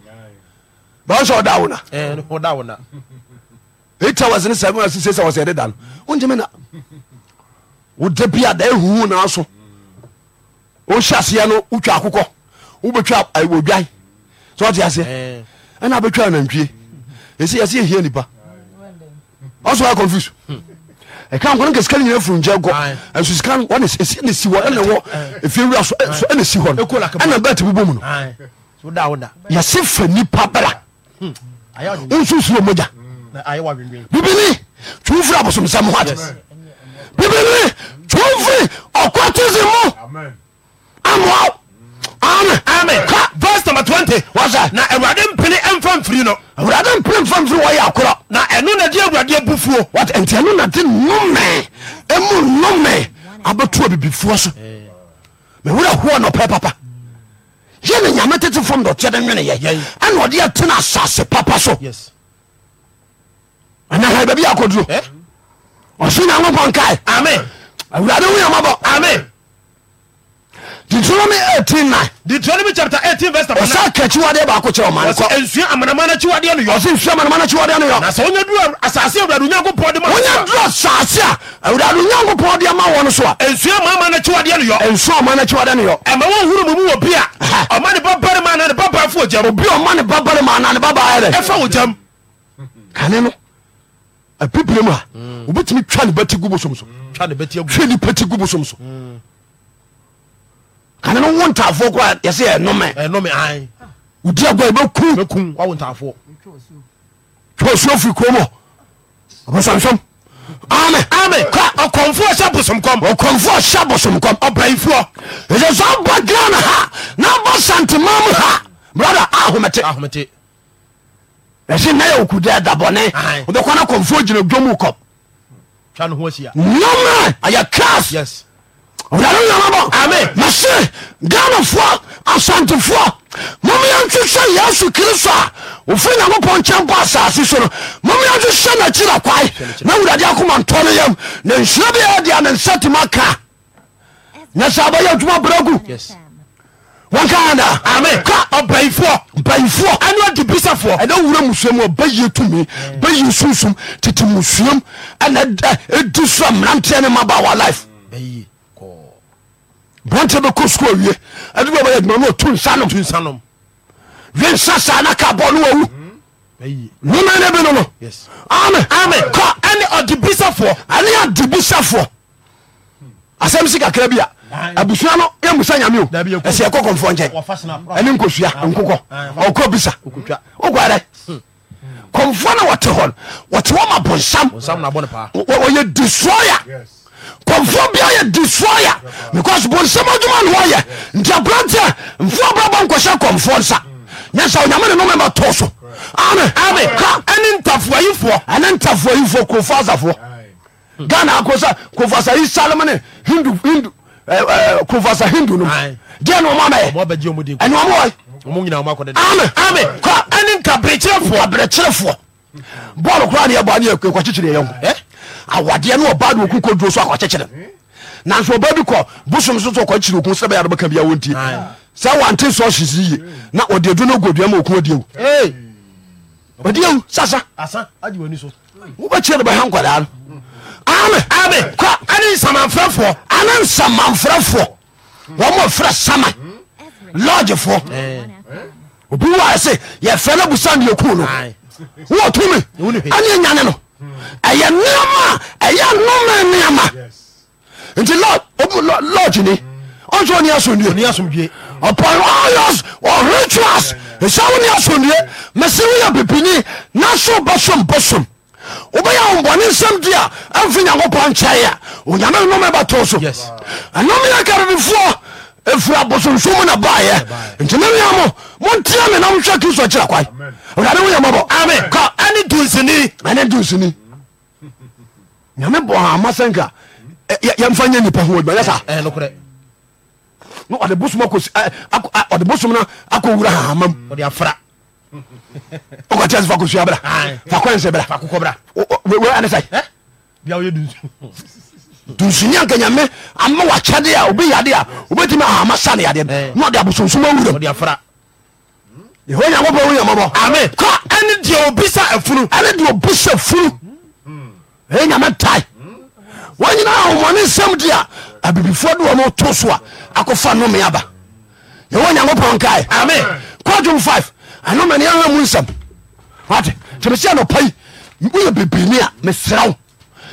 bɔnsɛ ɔda wo na ɔda wo na eight hours ne seven hours six hours yɛde da no wongyeme na wode bia da ɛhuhu naa so wohyɛ aseɛ no wotwa akokɔ wobɛtwa wɔdwae sɛ ɔte aseɛ ɛna bɛtwa anantwie ɛsɛ yɛsɛ yɛhia nipa ɔso ɛ confuse ɛka nkɔ no kɛsika no nyina furu nkyɛ kɔ ɛnso sika no wane ɛne si hɔ ɛne wɔ ɛfie wura so ɛne si hɔ no ɛna bɛte bobɔ mu no yɛse fa nipa bra nsusuo mogya bibini twu firi abosomsɛm ho ate bibini twu mu amoa amen ka verse number twenty. wasa na awurade mpene mfa mfiri no. awurade mpene mfa mfiri wɔ yɛ akorɔ. na ɛnu na di awurade abufuo. wata nti ɛnu na di nnome emu nnome abɛtu abibifoɔ so mɛ wura hoɔ nɔpɛ papa ni nyame tete fam de ɔteɛ de nweneyɛ ɛna ɔde atena asase papa so ɛnaha baabi akɔduro ɔso nyankopɔn kae awurade wo yamabɔ amen deuteronomy 189 deuteronomy chapter 18 verse number 9 ɔsɛ ka kyiwadeɛ baako kyerɛ ɔma nkɔ nsua amanamana kyiwadeɛ no yɔ ɔsɛ nsua amanamana kyiwadeɛ no yɔ na sɛ wonya duru asase a awurade onyankopɔn de ma wonya duru asase a awurade onyankopɔn de ma wɔ no so a nsua amama no ni no yɔ nsua ama no kyiwadeɛ no yɔ ɛma wɔhuru mu mu wɔ bi a ɔma ne babarema na ne babaafo ogyam obi ɔma ne babarema na ne babaayɛ dɛ ɛfa ogyam kane no apipire a wobɛtumi mm. twa ne bati gu bosom so twa ne bati gu bosom mm kane no wo ntafoɔ kora yɛsɛ yɛ ɛnome wodi agua yɛbɛku wo ntafoɔ twa osuo firi kurom ɔbɛsɔnsɔm ame ame ka ɔkɔmfoɔ hyɛ bosomkɔm ɔkɔmfoɔ hyɛ bosomkɔm ɔbrɛnfoɔ ɛsɛ sɛ ɔbɔ ghana ha na bɔ santema mu ha brada ahomete ɛse na yɛ okudɛ dabɔne wobɛkɔ na kɔmfoɔ gyina dwomu kɔm nyɔma ayɛ cas yes owurade nyanabɔ ami mɛsi ghanafoɔ asantefoɔ mɔmiyɛnti sɛ yesu kristo a ofin nyankopɔn nkyɛn bɔ asase so no mɔmiyɛnti sɛ n'akyi na kwae na awurade akoma ntɔ no yam na nhyira bi yɛ deɛ ne nsa tema ka na sɛ abɛyɛ adwuma brɛ gu wakaada ami ka ɔbɛyifoɔ bɛyifoɔ ɛne ɔdibisafoɔ ɛna wura musuam wɔ bɛyie tumi bɛyie sunsum tete musuam ɛna ɛdi so a mmeranteɛ ne ma ba wa life bɛyie brant bɛkɔ suko wie ɛdebɛyɛ adwuma no ɔtu nsanom we nsa saa na ka bɔ no wawu hmm. noma ne bi no no ame kɔ ɛne ɔdebisafoɔ ɛne adebisafoɔ hmm. asɛm si kakra bi a abusua no yɛmusa nyame o ɛsɛ ɛkɔ kɔmfoɔ nkyɛn ɛne nkosua ah. nkokɔ ah, ɔkɔ bisa wokɔadɛ hmm. kɔmfoɔ no wɔte hɔ no wɔte wɔ ma bonsam wɔyɛ destroyer kɔmfoɔ bia yɛ destroyer because bonsɛm adwuma ne wɔyɛ nti aberantɛ mfoɔ brabɔ nkɔhyɛ kɔmfoɔ nsa nyɛsɛ onyame ne nome bɛtɔ so ame ame ka ɛne ntafoayifoɔ ɛne ntafoayifoɔ kurofo asafoɔ ghana akɔ sɛ kurofasa yi salem ne hindu hindu kurofasa hindu nom deɛ ne ɔma mɛyɛ ɛne ɔmɔ ame ka ɛne ntaberekyerɛfoɔ aberekyerɛfoɔ bɔɔlo koraa ne yɛbɔ ne yɛkɔkyekyere yɛnko awadeɛ no ɔba de oku koduro so akɔkyekyere nanso ɔba bi kɔ bosom so so ɔkɔkyere oku sɛ bɛyɛ adobɛka bia wɔntie sɛ wante sɛ ɔhyesiri ye na ɔde adu no godua ma oku ɔdewu ɔdewu sasa wobɛkyerɛ de bɛha nkwadaa no ame ame kɔ ane nsamanfrɛfoɔ ane nsamanfrɛfoɔ hmm. wɔmɔ frɛ saman hmm. lɔgyefoɔ obi wa sɛ yɛfrɛ no busa ne yɛku no wowɔ tumi ane ɛnyane no ɛyɛ nneɛma ɛyɛ nnome nneɛma nti lodge ni ɔnso ɔni asomdue upon all yours or rituals ɛsɛ wo ni asomdue mɛsi wo yɛ bibini n'aso bɔsom bɔsom wobɛyɛ wɔbɔne nsɛm di a ɛmfi nyankopɔn nkyɛe a onyame nnome bɛto so ɛnome yɛ karebifoɔ ɛfiri abosonsom na ba baɛ nti meya mo mo montea me na mohwɛ kristo kyerɛ kwa wrade woyɛmɔbɔ ame ka ɛne dunsini ɛne dunsini nyame bɔ ama sɛnka yɛmfa nya nipa ho adwuma yɛsa ɔde bosom no akɔ wura hamam ɔkɔkyɛ sɛ fa kosua bra fa kɔnsɛ bra ɛne sɛ dusunya nka nyame ama wakyɛde a obɛyade a obɛtumi ahama sane yadeɛ eh. na ɔde abosomsom awuram yɛhɔ nyankopɔn wo yamɔbɔ ame ka ɛne deɛ obisa afunu ɛne deɛ obisa funu hmm. ɛyɛ nyame tae wɔnyina ahomɔne nsɛm de a abibifoɔ de wɔ mo to so a akɔfa nome aba yɛhɔ nyankopɔn kae ame kɔ dwom 5 ɛnomane ɛha mu nsɛm wate kyɛmɛsɛ nɔpa yi woyɛ ni a mesrɛ wo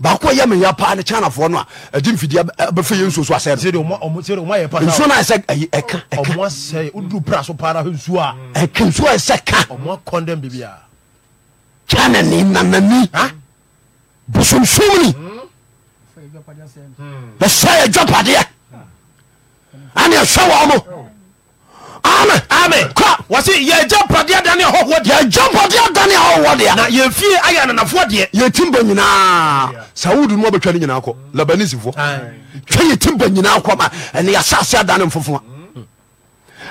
baako yɛ meya paa ne chanafoɔ no a adi mfidi bɛfɛ yɛ nsuo so asɛnonsuo no ɛsɛ ɛka ɛka nsuo mm. ɛsɛ ka ni nanani mm. bosomsomni ɛsɛ yɛ dwapadeɛ ane ɛhwɛ wɔ mo amen amen kɔ wɔsi yɛgya mpadeɛ dani ahɔhoɔ deɛ yɛgya mpadeɛ dani ahɔhoɔ deɛ na yɛn fi ayɛ ananafoɔ deɛ yɛn ti ba nyinaa sawudu mu abɛtwa ne nyinaa kɔ labanisi fo twɛ yɛn ti ba nyinaa kɔ ma ɛni asase adani nfofoa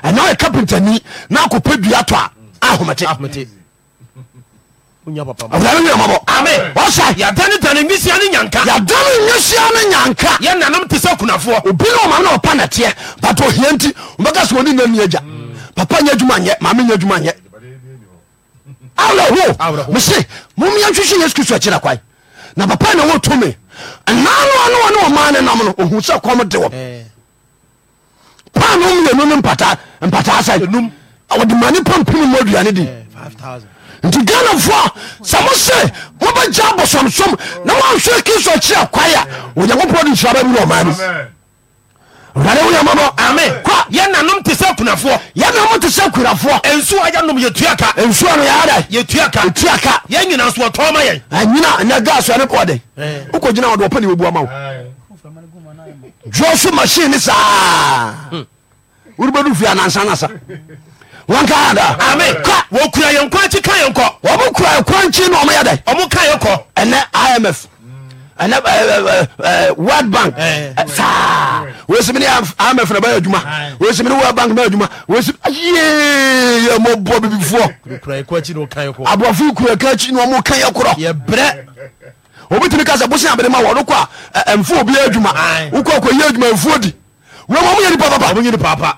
ɛna yɛ kapintani n'akɔpɛ dua tɔ a ahomete. ɔsɛ yɛdane dane nwisia ne nyanka yɛdane nwasia ne nti ghanafoɔ sɛ se mobɛgya bosomsom na moanhwɛ kristo kyia kwae a onyankopɔn de nhyiraba bi ɔma no wurade ame yɛnanom te sɛ akunafoɔ te sɛ akunafoɔ yɛnom yɛtua ka no yɛada yɛtua ka ka ma yɛn anyina gas kɔ wɔde ne wo so machine ne saa hmm. worebɛdu fie anansa nasa wọnkaada. ami kọ. wọ́n kura yẹn kọ́ ẹ̀kí ká yẹn kọ́. wọ́n bɛ kura yẹn kọ́ ní ọmọ yẹn dẹ. ọmọ ká yẹn kọ́. ɛnɛ IMF ɛnɛ World Bank saa wosi mi ni IMF na bɛyɛ juma wosi mi ni World Bank bɛyɛ juma wosi yee yɛ mo bɔ bibi fɔ. aburɔfo kura yẹn kí ni ọmọ ká yẹn kọ́. yɛ brɛ. obi tini kasa bosi abiri ma wɔn kɔ a ɛnfu obi yɛ juma wokɔ kɔ yɛ juma nfu di wɔn mo yɛ ni paapapa.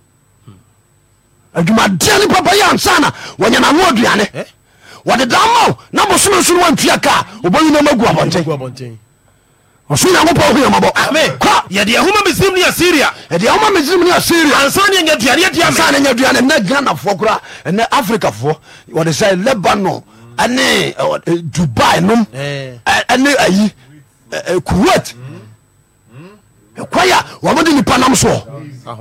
adwumadeɛ ne papa yɛ ansa na wɔnyanawo aduane eh? da ma na bosome nso no wantua ka ma gu abɔnten ɔso nyankopɔn ho yamabɔ yɛde ahoma mesrim ne asiria yɛde ahoma mesrim ne asiria ansa ne ɛnya duane ansa ne ɛnya duane ɛnɛ ghanafoɔ kora ɛnɛ africafoɔ wɔde sɛ lebanon ɛne dubai nom eh. ɛne ayi kuwait hmm? hmm? ɛkwaya wɔmode nipa nam soɔ ah,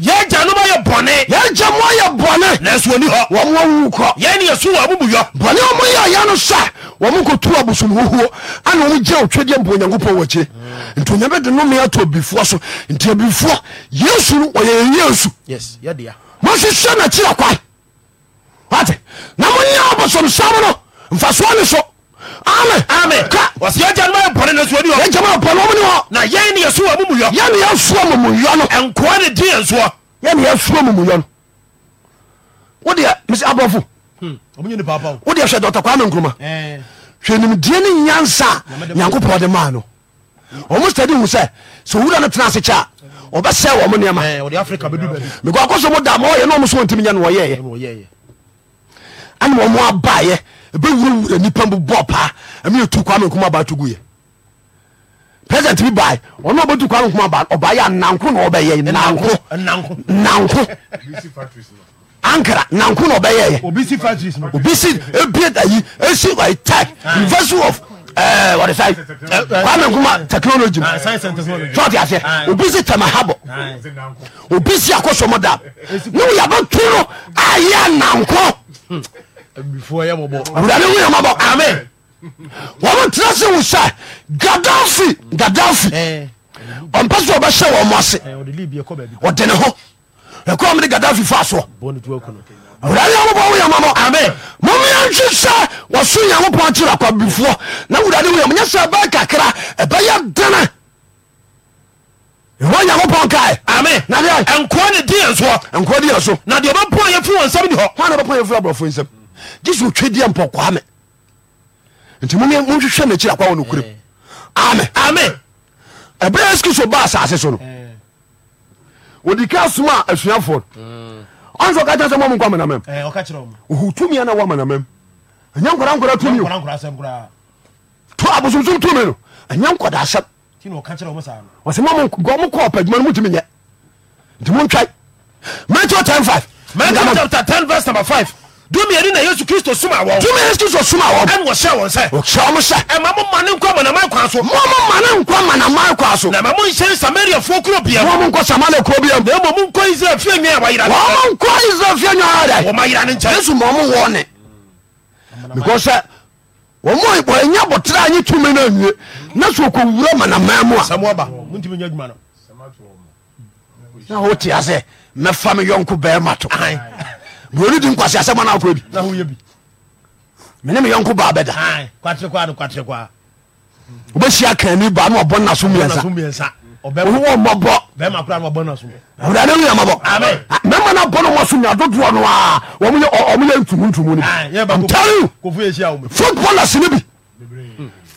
yɛgya noma yɛ bɔne yɛgya mo yɛ bɔne nanso oni hɔ wɔmo wu kɔ yɛne yɛso wɔ abobuyɔ bɔne ɔmo yɛ ya no sa wɔmo tu abosom hohuo ana ɔmo gya otwadeɛ mpo onyankopɔn wɔkyi nti onyame de nome ato abifoɔ so nti abifoɔ yesu no ɔyɛ yɛyɛ nsu mohwehwɛ n'akyira kwae wate na monyɛ abosom sam no mfasoɔ ne so ami wɔsi yɛn jɛnuma yɛ bɔnɛ nesu ni wɔ. yɛn jɛnuma yɛ bɔnɛ wɔmu ni wɔ. na yɛn ni yɛsu wɔ mumu yɔ. yɛn ni yɛsu wɔ mumu yɔ no. nkɔɔ ni di yɛn soɔ. yɛn ni yɛsu wɔ mumu yɔ no. Hmm. o de yɛ misi abɔfo. o de yɛ sɛ dɔkita kwame nkuruma. Eh. hwɛnimdiɛ ni nyansa nyankopɔn de maa no ɔmo sadi hu sɛ sɛ owura no tena ase kyɛ a ɔbɛsɛ wɔ mo nneɛma mekɔ eh, akɔ so mo da ma ɔyɛ na ɔmo so wɔntimi nyɛ no wɔyɛyɛ ane wɔmo abaeɛ Ebe bɛwurawura nipa bobɔ paa ɛmi yɛ tu kwame nkuma ba to gu yɛ president bi ba ɔno ɔbɛtu kwame nkuma ba ɔba yɛ nanku. na ɔbɛyɛ nanko nanko ankara nanku na ɔbɛyɛ yɛ obi si ebie ayi esi ayi tech ah. university of ɛɛ wɔde sa kwame nkuma technology sɔɔti ase obi si tɛmɛ habɔ obi si akɔsɔmɔ da ne yaba tu no ayɛ nanko. Hmm awurade wo yɛ mɔbɔ amen wɔn tena se wo sɛ gadafi gadafi ɔmpɛ sɛ ɔbɛhyɛ wɔn mo ase ɔde ne ho ɛkɔ ɔmo de gadafi fa soɔ awurade yɛmɔbɔ wo yɛ mɔbɔ amen momeantwe sɛ wɔso nyankopɔn akyerɛ akwabifoɔ na awurade wo yɛ monyɛ sɛ ɛbɛyɛ kakra ɛbɛyɛ dene ìwọ nyankopɔn ka ɛ. ami na de ɛ. nkoa ni diɛ nsɔ. nkoa diɛ nsɔ. na deɛ ɔbɛ pɔn yɛ fi wɔn nsɛm ni hɔ. wọn na bɛ pɔn yɛ fi wɔn abɔfo nsɛm jesu otwadiɛ mpɔ kwaa me nti monhwehwɛ nakyiri akwa wɔ nokuram eh. ame ame ɛberɛ yesu kristo baa asase so no odi eh. ka soma a asuafoɔ eh. ɔn sɛ ɔka kyerɛ sɛ mɔmo nkɔ amanamam ɔhutumi ana wɔ amanamam ɛnyɛ nkɔda nkɔda tumi o to abosomsom tumi no ɛnyɛ nkɔda asɛm ɔsɛ mɔmo kɔ ɔpɛ adwuma no mutumi nyɛ nti montwae matthew 10 5 matthew 10 verse number 5 dumiɛni na yesu kristo suma wɔn. tumi yesu kristo suma wɔn. ɛni wɔ hyɛ wɔn sɛ. wɔ hyɛ wɔn sɛ. ɛma mo ma ne nkɔ manaman kwan so. mo mo ma ne nkɔ manaman kwan so. na ma mo nhyɛn samaria fo kuro biam. mo mo nkɔ samaria kuro biam. na mo mo nkɔ israel fiye nyɛ wa yira. wɔn mo nkɔ israel fiye nyɛ wa yira. wɔn ma yira ne nkyɛn. yesu ma ɔmo wɔn ne. because eh, wɔn mo wɔn nya bɔtira anyi tumi na nwie na so ko wura manaman mu a. samuwa ba mo ntumi nya adwuma no. na o ti ase mɛfa mi yɔnko bɛɛ ma to mìíràn di nkwasi asẹ́mọ́ náà fún ebi mìíràn mi yẹn kó baa bẹ́ da o bẹ si akẹ́ni ba ni ọbọ nasu miẹnsa owó ọmọ bọ awurade wi ọmọ bọ mẹ́mọ́ náà bọ́ ni wọ́n sun ní adodo ọ̀nù wa wọ́n yẹ ntumuntumu ni ntẹ́rù fútbọ́ọ̀lù sí níbi.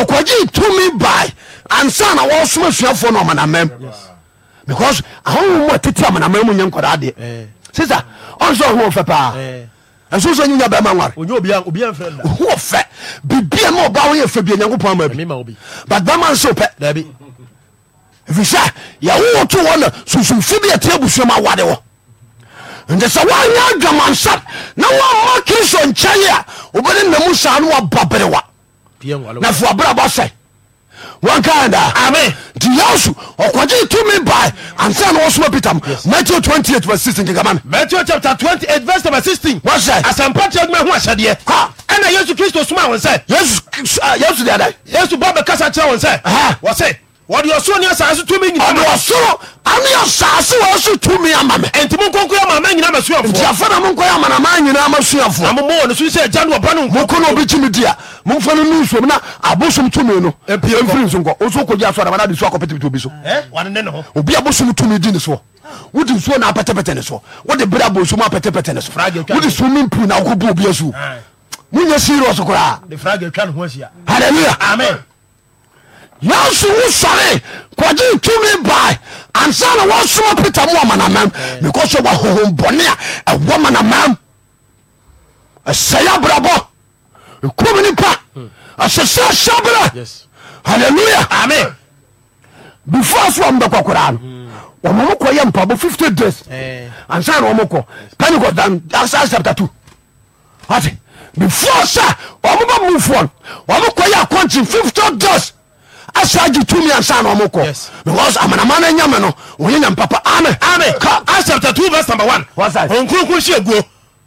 ɔkɔgye tumi eh. eh. ba ansa na wɔsoma suafoɔ no ɔmanamam because ahohom a tete amanamam mu nyɛ nkɔdaa deɛ sisa ɔnsɛ ɔho fɛ paa ɛso so nyinya bɛma nware ho fɛ bibia ma ɔba woyɛ fɛ bia nyankopɔn ma bi but bɛma nso pɛ ɛfisɛ yɛwowo to wɔ na susumfo bi ɛte abusuam awade wɔ nti sɛ woanyɛ adwamansa na woama kristo nkyɛe a wobɛne namu saa no waba berewa na fo abrabɔ sɛ wakadaa nti yasu ɔkwagye tumi ba e. ansa na wɔsoma peter m matthew 28 16 kekama me matthew chapter 28 verse number 16 wɔsɛ asɛmpa te adwuma ho ahyɛdeɛ ɛna yesu kristo soma wɔn sɛ yesu deɛ eh, dɛ yesu ba bɛkasa kyerɛ wɔn sɛ wɔ se wɔde ɔsoro ne asase tumi nyina ɔde ɔsoro ane asase wɔ so tumi ama me enti mo nkonko ama ma nyina masuafoɔ nti afa na mo nkɔ ama na ma nyina ma suafoɔ na momɔ wɔ ne so sɛ agya no wɔba no nko mokɔ na obɛgyi me di a momfa no no nsuom na abosom tumi no ɛmfiri nso nkɔ ɔso kɔgye aso adama na ade so akɔpɛtepɛte obi so obi abosom tumi di ne soɔ wode nsuo na apɛtɛpɛtɛ ne soɔ wode berɛ abɔ nsuo mu apɛtɛpɛtɛ ne so wode so me mpu na wokɔbu obi asuo monyɛ serious koraa halleluya amen yaso wo sɔre kɔgye tumi ba ansa na wɔsoma peter mu amanamam because of ahohombɔne a ɛwɔ manamam ɛsɛe abrabɔ nkom nipa ɛsɛsɛ hyɛberɛ Hallelujah. amen before so ɔm bɛkɔ koraa no ɔmo mo kɔ yɛ mpabɔ fifty days eh. ansa na ɔmo kɔ pentecost dan acts chapter 2 ate before sɛ ɔmo bɛ mu foɔ no ɔmo kɔ yɛ akɔnkye fifty days ase agye tumi ansa na ɔmo kɔ because amanama no nyame no ɔnyɛ nyam papa ame chapter two verse number one ɔnkronkron hyɛ guo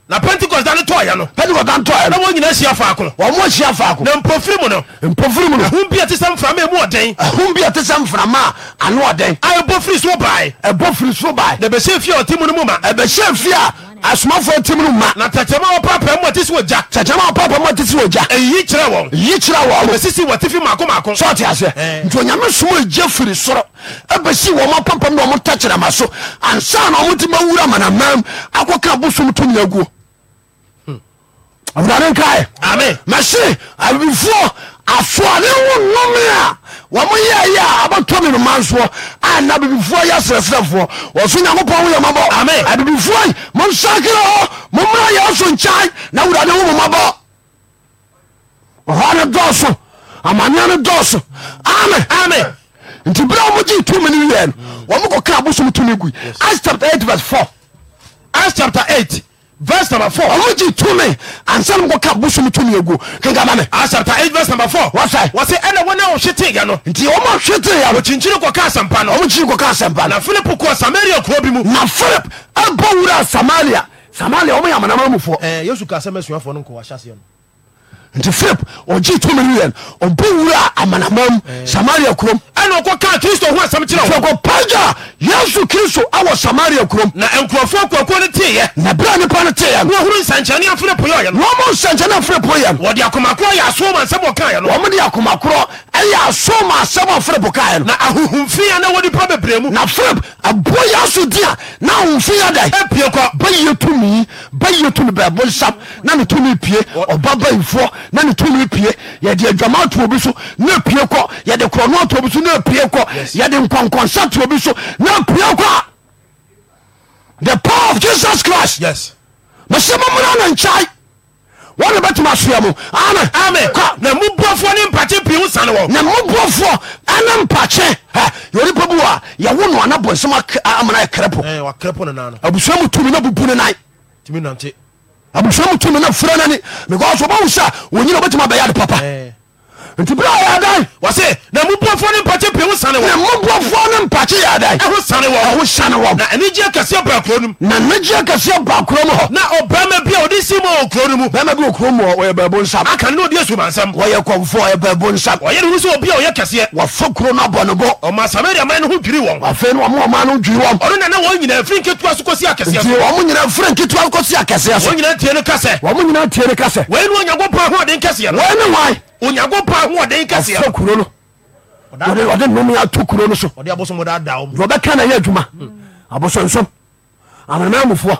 na pentecost da ne tɔɔyɛ no pentecost da ne tɔɔyɛ no na wɔn nyinaa hyia faako no wɔn mo hyia faako na mpofiri mu no mpofiri mu no ɛhun bi a te sɛ nframa emu ɔdɛn ɛhun bi a te sɛ nframa ano ɔdɛn a ɛbɔ firi so baae ɛbɔ firi so baae na ɛbɛhyɛ a ɔte mu no mu ma ɛbɛhyɛ fie a asomafoɔ tim no ma na tɛkyɛma wɔpapɛ mu ɔte sɛ ɔgya tɛkyɛma wɔpapɛ mu ɔte sɛ ɔgya ɛyi kyerɛ wɔn yi kyerɛ wɔn ɛsisi wɔtefi maako maako sɛ ɔte aseɛ nti onyame som ɛgya firi soro ɛbɛsi wɔn apapam na ɔmo tɛkyerɛma so ansa na ɔmo te bɛwura amanamam akɔka bosom to nyina guo hmm. awurade nkaɛ ame mɛse abibifoɔ afoɔne wo nnome a wɔmo yɛyɛ a abɛtɔ me noma nsoɔ ana abibifoɔ yɛ serɛserɛfoɔ wɔso nyankopɔn woyɛ mabɔ ame abibifoɔ I monsakere hɔ mommra yɛ so nkyan na wurade wo momabɔ ɔhɔ ne dɔɔso amanneɛ no dɔɔso ame ame nti berɛ a mogye tumi no wiɛ no wɔmo kɔkra bosom to no gui as chapter 8 vs 4 as chapter 8 verse number four. ọlọ́run jí túnmí ansan kò ká bùsùn túnmí egu kíkà bá mi. asapa eight verse number four. wọ́n sẹ́. wọ́n sẹ́ ẹnna wọn náà wọ́n ṣètì ìyá nọ. nti wọ́n máa ṣètì ìyá nọ. òkìnkiri kò ká asampa nọ. òkìnkiri kò ká asampa nọ. na philip kọ samaria kúrò bí mu. na philip ẹ bọ wúrà samaria samaria ọmọ yàrá mọ̀nàmọ́ mu fọ. ẹ yéṣu ká sẹ́mi ẹ̀sùn afọ ní kò wá ṣáṣẹ́ nti philip ọjí túnmí nìyẹn ọbẹ wura amànàmọ́ samaria kúrò ɛna ɔkɔ kaa kristo ho asɛm kyerɛ wɔkɔ pagya yesu kristo awɔ samaria kurom na nkurɔfoɔ kuakuo no teeɛ na berɛ a nipa no teeɛ no wɔhoro nsɛnkyɛne aferɛpo yɛ ɔyɛ no wɔmɔ nsɛnkyɛne aferɛpo yɛ no wɔde akomakorɔ yɛ asoɔ ma nsɛm ɔkaeɛ no wɔmode akomakorɔ ɛyɛ asoɔ ma asɛm aferɛpo kaeɛ no na ahohomfii a na wɔ nipa bebree mu na ferɛp ɛbɔ yɛ so di a na ahohomfii ada ɛpie kɔ bɛyɛ tumi bɛyɛ tumi bɛɛbo nsam na ne tumi pie ɔba bayifoɔ na ne tumi pie yɛde adwama ato obi so na pie kɔ yɛde korɔno ato obi so na pieko yede nkoko nsatobiso na pie ka the pa f jesus christ mese momono ane nkyai wane betime asuemona mo buofo ne mpa kenpb yonnsrfsnbtmiyepapa nti bere a yɛadan wɔse na mobɔfoɔ ne na mobɔfoɔ ne mpakye yɛadan ɛho sane wɔ ɛho na mu na anigyeɛ kɛseɛ ba kuro mu hɔ na ɔbarima bi a ɔde si ma wɔ kuro no mu bɛrima bi wɔ kuro mu hɔ wɔyɛ baabo nsam aka ne ɔde asumansɛm wɔyɛ kɔmfoɔ ɔyɛ baabo a ɔyɛ kɛseɛ wɔfa kuro no abɔ ne bɔ ɔma samaria man no ho dwiri wɔn afei ne ɔmo ɔma no dwiri wɔn ɔno na na wɔn nyinaa firi nketewa so kɔsi akɛseɛ nti wɔn nyinaa firi nketewa kɔsi akɛseɛ so wɔn nyinaa tie ne kasɛ wɔn nyinaa onyankopɔn ahoɔden kɛseɛ kuro no ɔde nnome ato kuro no so wɔbɛka na yɛ adwuma abosonsom amanama mufoɔ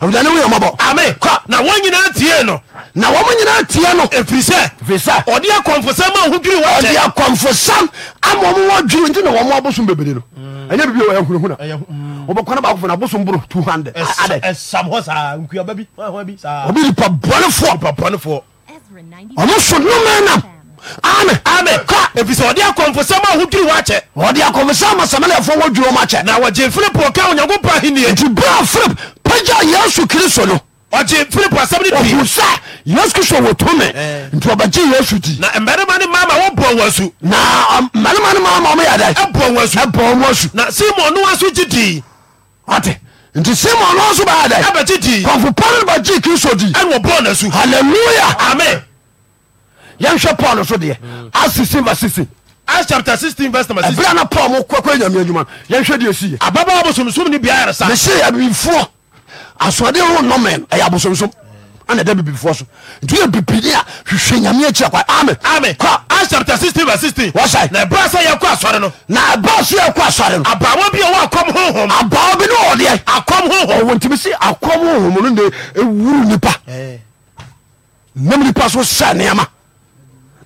awurade wo yamabɔ ami kɔ na wɔn nyinaa tie no na wɔn nyinaa tie no efiri sɛ efiri sɛ ɔde akɔnfosam a ohodwiri wɔn kyɛ ɔde akɔnfosam ama wɔn wɔn dwiri nti na wɔn mo abosom bebree no mm. ɛnyɛ bibi wɔyɛ hunahuna mm. ɔbɛkɔ na baako fɔ na abosom boro two hundred adɛ ɛsam hɔ saa nkuya bɛbi obi nipa bɔnifɔ nipa bɔnifɔ ɔmo so nome nam ame ɛfisɛ ɔde akɔmfosɛm a hodwiri wɔ akyɛ ɔde akɔmfosɛm ma samalefoɔ wɔ dwiri ɔmo akyɛ na wɔgye philip ɔka onyankopɔn ahenniɛ nti berɛ a philip pagya yesu kristo no ɔgye philip asɛm no bii sɛ yesu kristo wɔ tome nti ɔbɛgye yesu di na mmarima ne mama wɔbɔ wɔ asu na um, mmarima ne mama ɔmo yɛdɛ ɛbɔ wɔ asu ɛbɔ wɔ asu na simon no aso gye dii ɔte nti simon no nso bɛyɛdɛ ɛbɛgye dii kɔmfo pa no bɛgye kristo di ɛne wɔbɔɔ no asu Hallelujah. amen yɛnhwɛ paul so deɛ as 16 vs 16 Acts chapter 16 verse number 16. Ebira na Paul mo nyame adwuma. Yɛn deɛ si yɛ. abibifoɔ asoɔden ho nnɔmɛ ɛyɛ abosomsom. Ana ɛda bibifoɔ so. Nti yɛ bibini a hwehwɛ nyame akyi akwa. Amen. Na ɛbura sɛ yɛkɔ asɔre no. bi ne ɔdeɛ. Ɔwɔ ntumi si akɔm honhom no de ewuru nipa. Nam nipa so sɛ nneɛma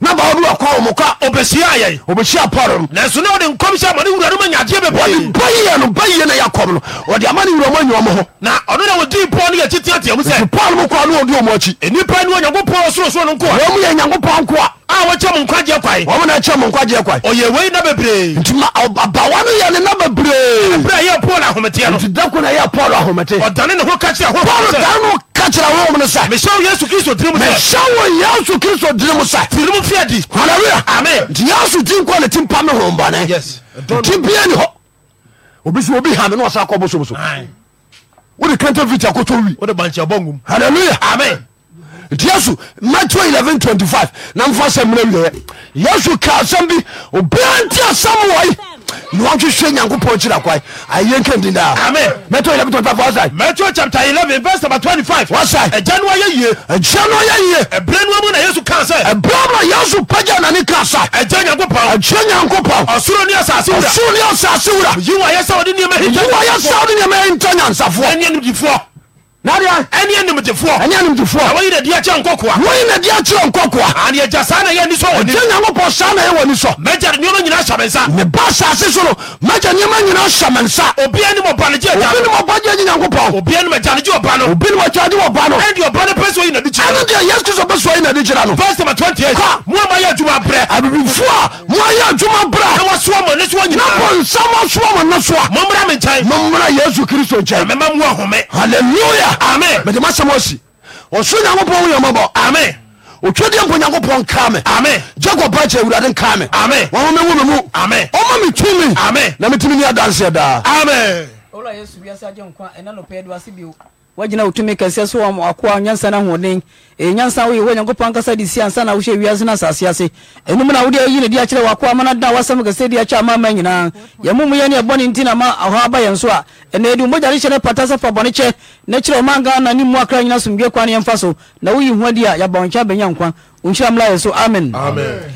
na bawo bi wɔkɔ wɔn ka obɛsia yɛ obɛsia paul no nanso na ɔde nkɔm ma amane wura no ma nyadeɛ bebree wɔde bayiyɛ no bayiyɛ na yɛkɔm no wɔde amane wura ma nyɛ ɔmo na ɔno na wɔdii paul no yɛti teateam sɛ paul mu kɔ ne wɔde ɔmo akyi nnipa ne onyankopɔn sorosoro no nkoa wɔn mu yɛ nyankopɔn nkoa a wɔkyɛ mo nkwagyeɛ kwae wɔn na kyɛ mo nkwagyeɛ kwae ɔyɛ wei na bebree nti ma abawa no yɛ ne na bebree ɛbrɛ yɛ paul ahometeɛ no nti dako na yɛ paul ahomete ɔdane ne ho ka kyerɛ ho paul dane ka kyerɛ honhom no sɛ mehyɛ wo yesu kristo dirimu sɛ mehyɛ wo yesu kristo dirimu sɛ firimu fi adi halleluya amen nti yesu din kɔ ne ti mpa me honhom bɔne nti bia ni hɔ obi sɛ obi ha me ne ɔsa kɔ bosom so wode kente viti akɔtɔ wi wode bankyi abɔ ngum halleluya amen nti yesu matthew 11 25 na mfa sɛ mmerɛ wieɛ yesu ka asɛm bi obia nti asɛm wɔi newahwehwɛ nyankopɔn kyira kwa ayɛnkandindaa mɛtɔ 11 25 matthew chapter 11 verse number 25 wasa ɛgya no ayɛ yie ɛgya no ayɛ yie ɛberɛ no mu na yesu kaa sɛ ɛberɛ mu na yesu pagya nane ka sa ɛgya nyankopɔn ɛgya nyankopɔn ɔsoro ne asase wura ɔsoro ne asase wura yi wɔ ayɛ sɛ wɔde nneɛma hinta nyansafoɔ ɛne animdifoɔ nadeɛ ɛne animdefoɔ ɛne animdefoɔ wɔyi na deɛ kyɛ nkɔkoa wɔyi na deɛ kyerɛ nkɔkoa aneɛ gya saa na yɛ ni sɔ wɔ ni ɛgya nyankopɔn saa na yɛ wɔ ni sɔ mɛgya de nneɛma nyinaa hyɛ me nsa meba asase so no mɛgya nneɛma nyinaa hyɛ me nsa obia ne mɔbanegye agya obi ne mɔbɔgye agye nyankopɔn obia ne mɛgyanegye ɔba no obi ne mɔgyade ɔba no ɛne ɔba no pɛ sɛ ɔyi na de kyerɛ ɛne deɛ yesu kristo pɛ sɛ ɔyi na de kyerɛ no verse number 28 ka mo ama yɛ adwuma brɛ abibifoɔ a mo ayɛ adwuma brɛ na wɔsoa mo ne soa nyinaa na bɔ nsa mo soa mo ne soa mommra me nkyɛn mommra yesu kristo nkyɛn mɛma mo ahome halleluya Amen. nkwa mede masɛm asi ɔsoro nyankopɔn Amen. ame otwadeɛ mpo nyankopɔn nka me ame jacob bakye awurade nka me ame wɔma mewu me mu ame ɔma me tumi ame na metumi ni adanseɛ daa ame wagyina wotumi kɛseɛ so akoa nyansa no ahoɔden nyansa woyɛ wɔ nyankopɔn ankasa de si ansa na wohyɛ wiase no asase ase ɛnum na wode ayi e, ne de akyerɛ wakoa ma no da wasɛm kɛsɛ de akyɛ ama ma nyinaa yɛmom yɛ ne ɛbɔne nti na ma ahɔ aba yɛn so a ɛnɛ adu mogya de hyɛ no pata sɛ fa bɔne kyɛ na kyerɛ ɔma nka na ne mu akra nyina somdwe kwa ne yɛmfa so na woyi ho adi a yɛaba wo nkyɛ bɛnya nkwa wonhyira mmra yɛ so amen, amen.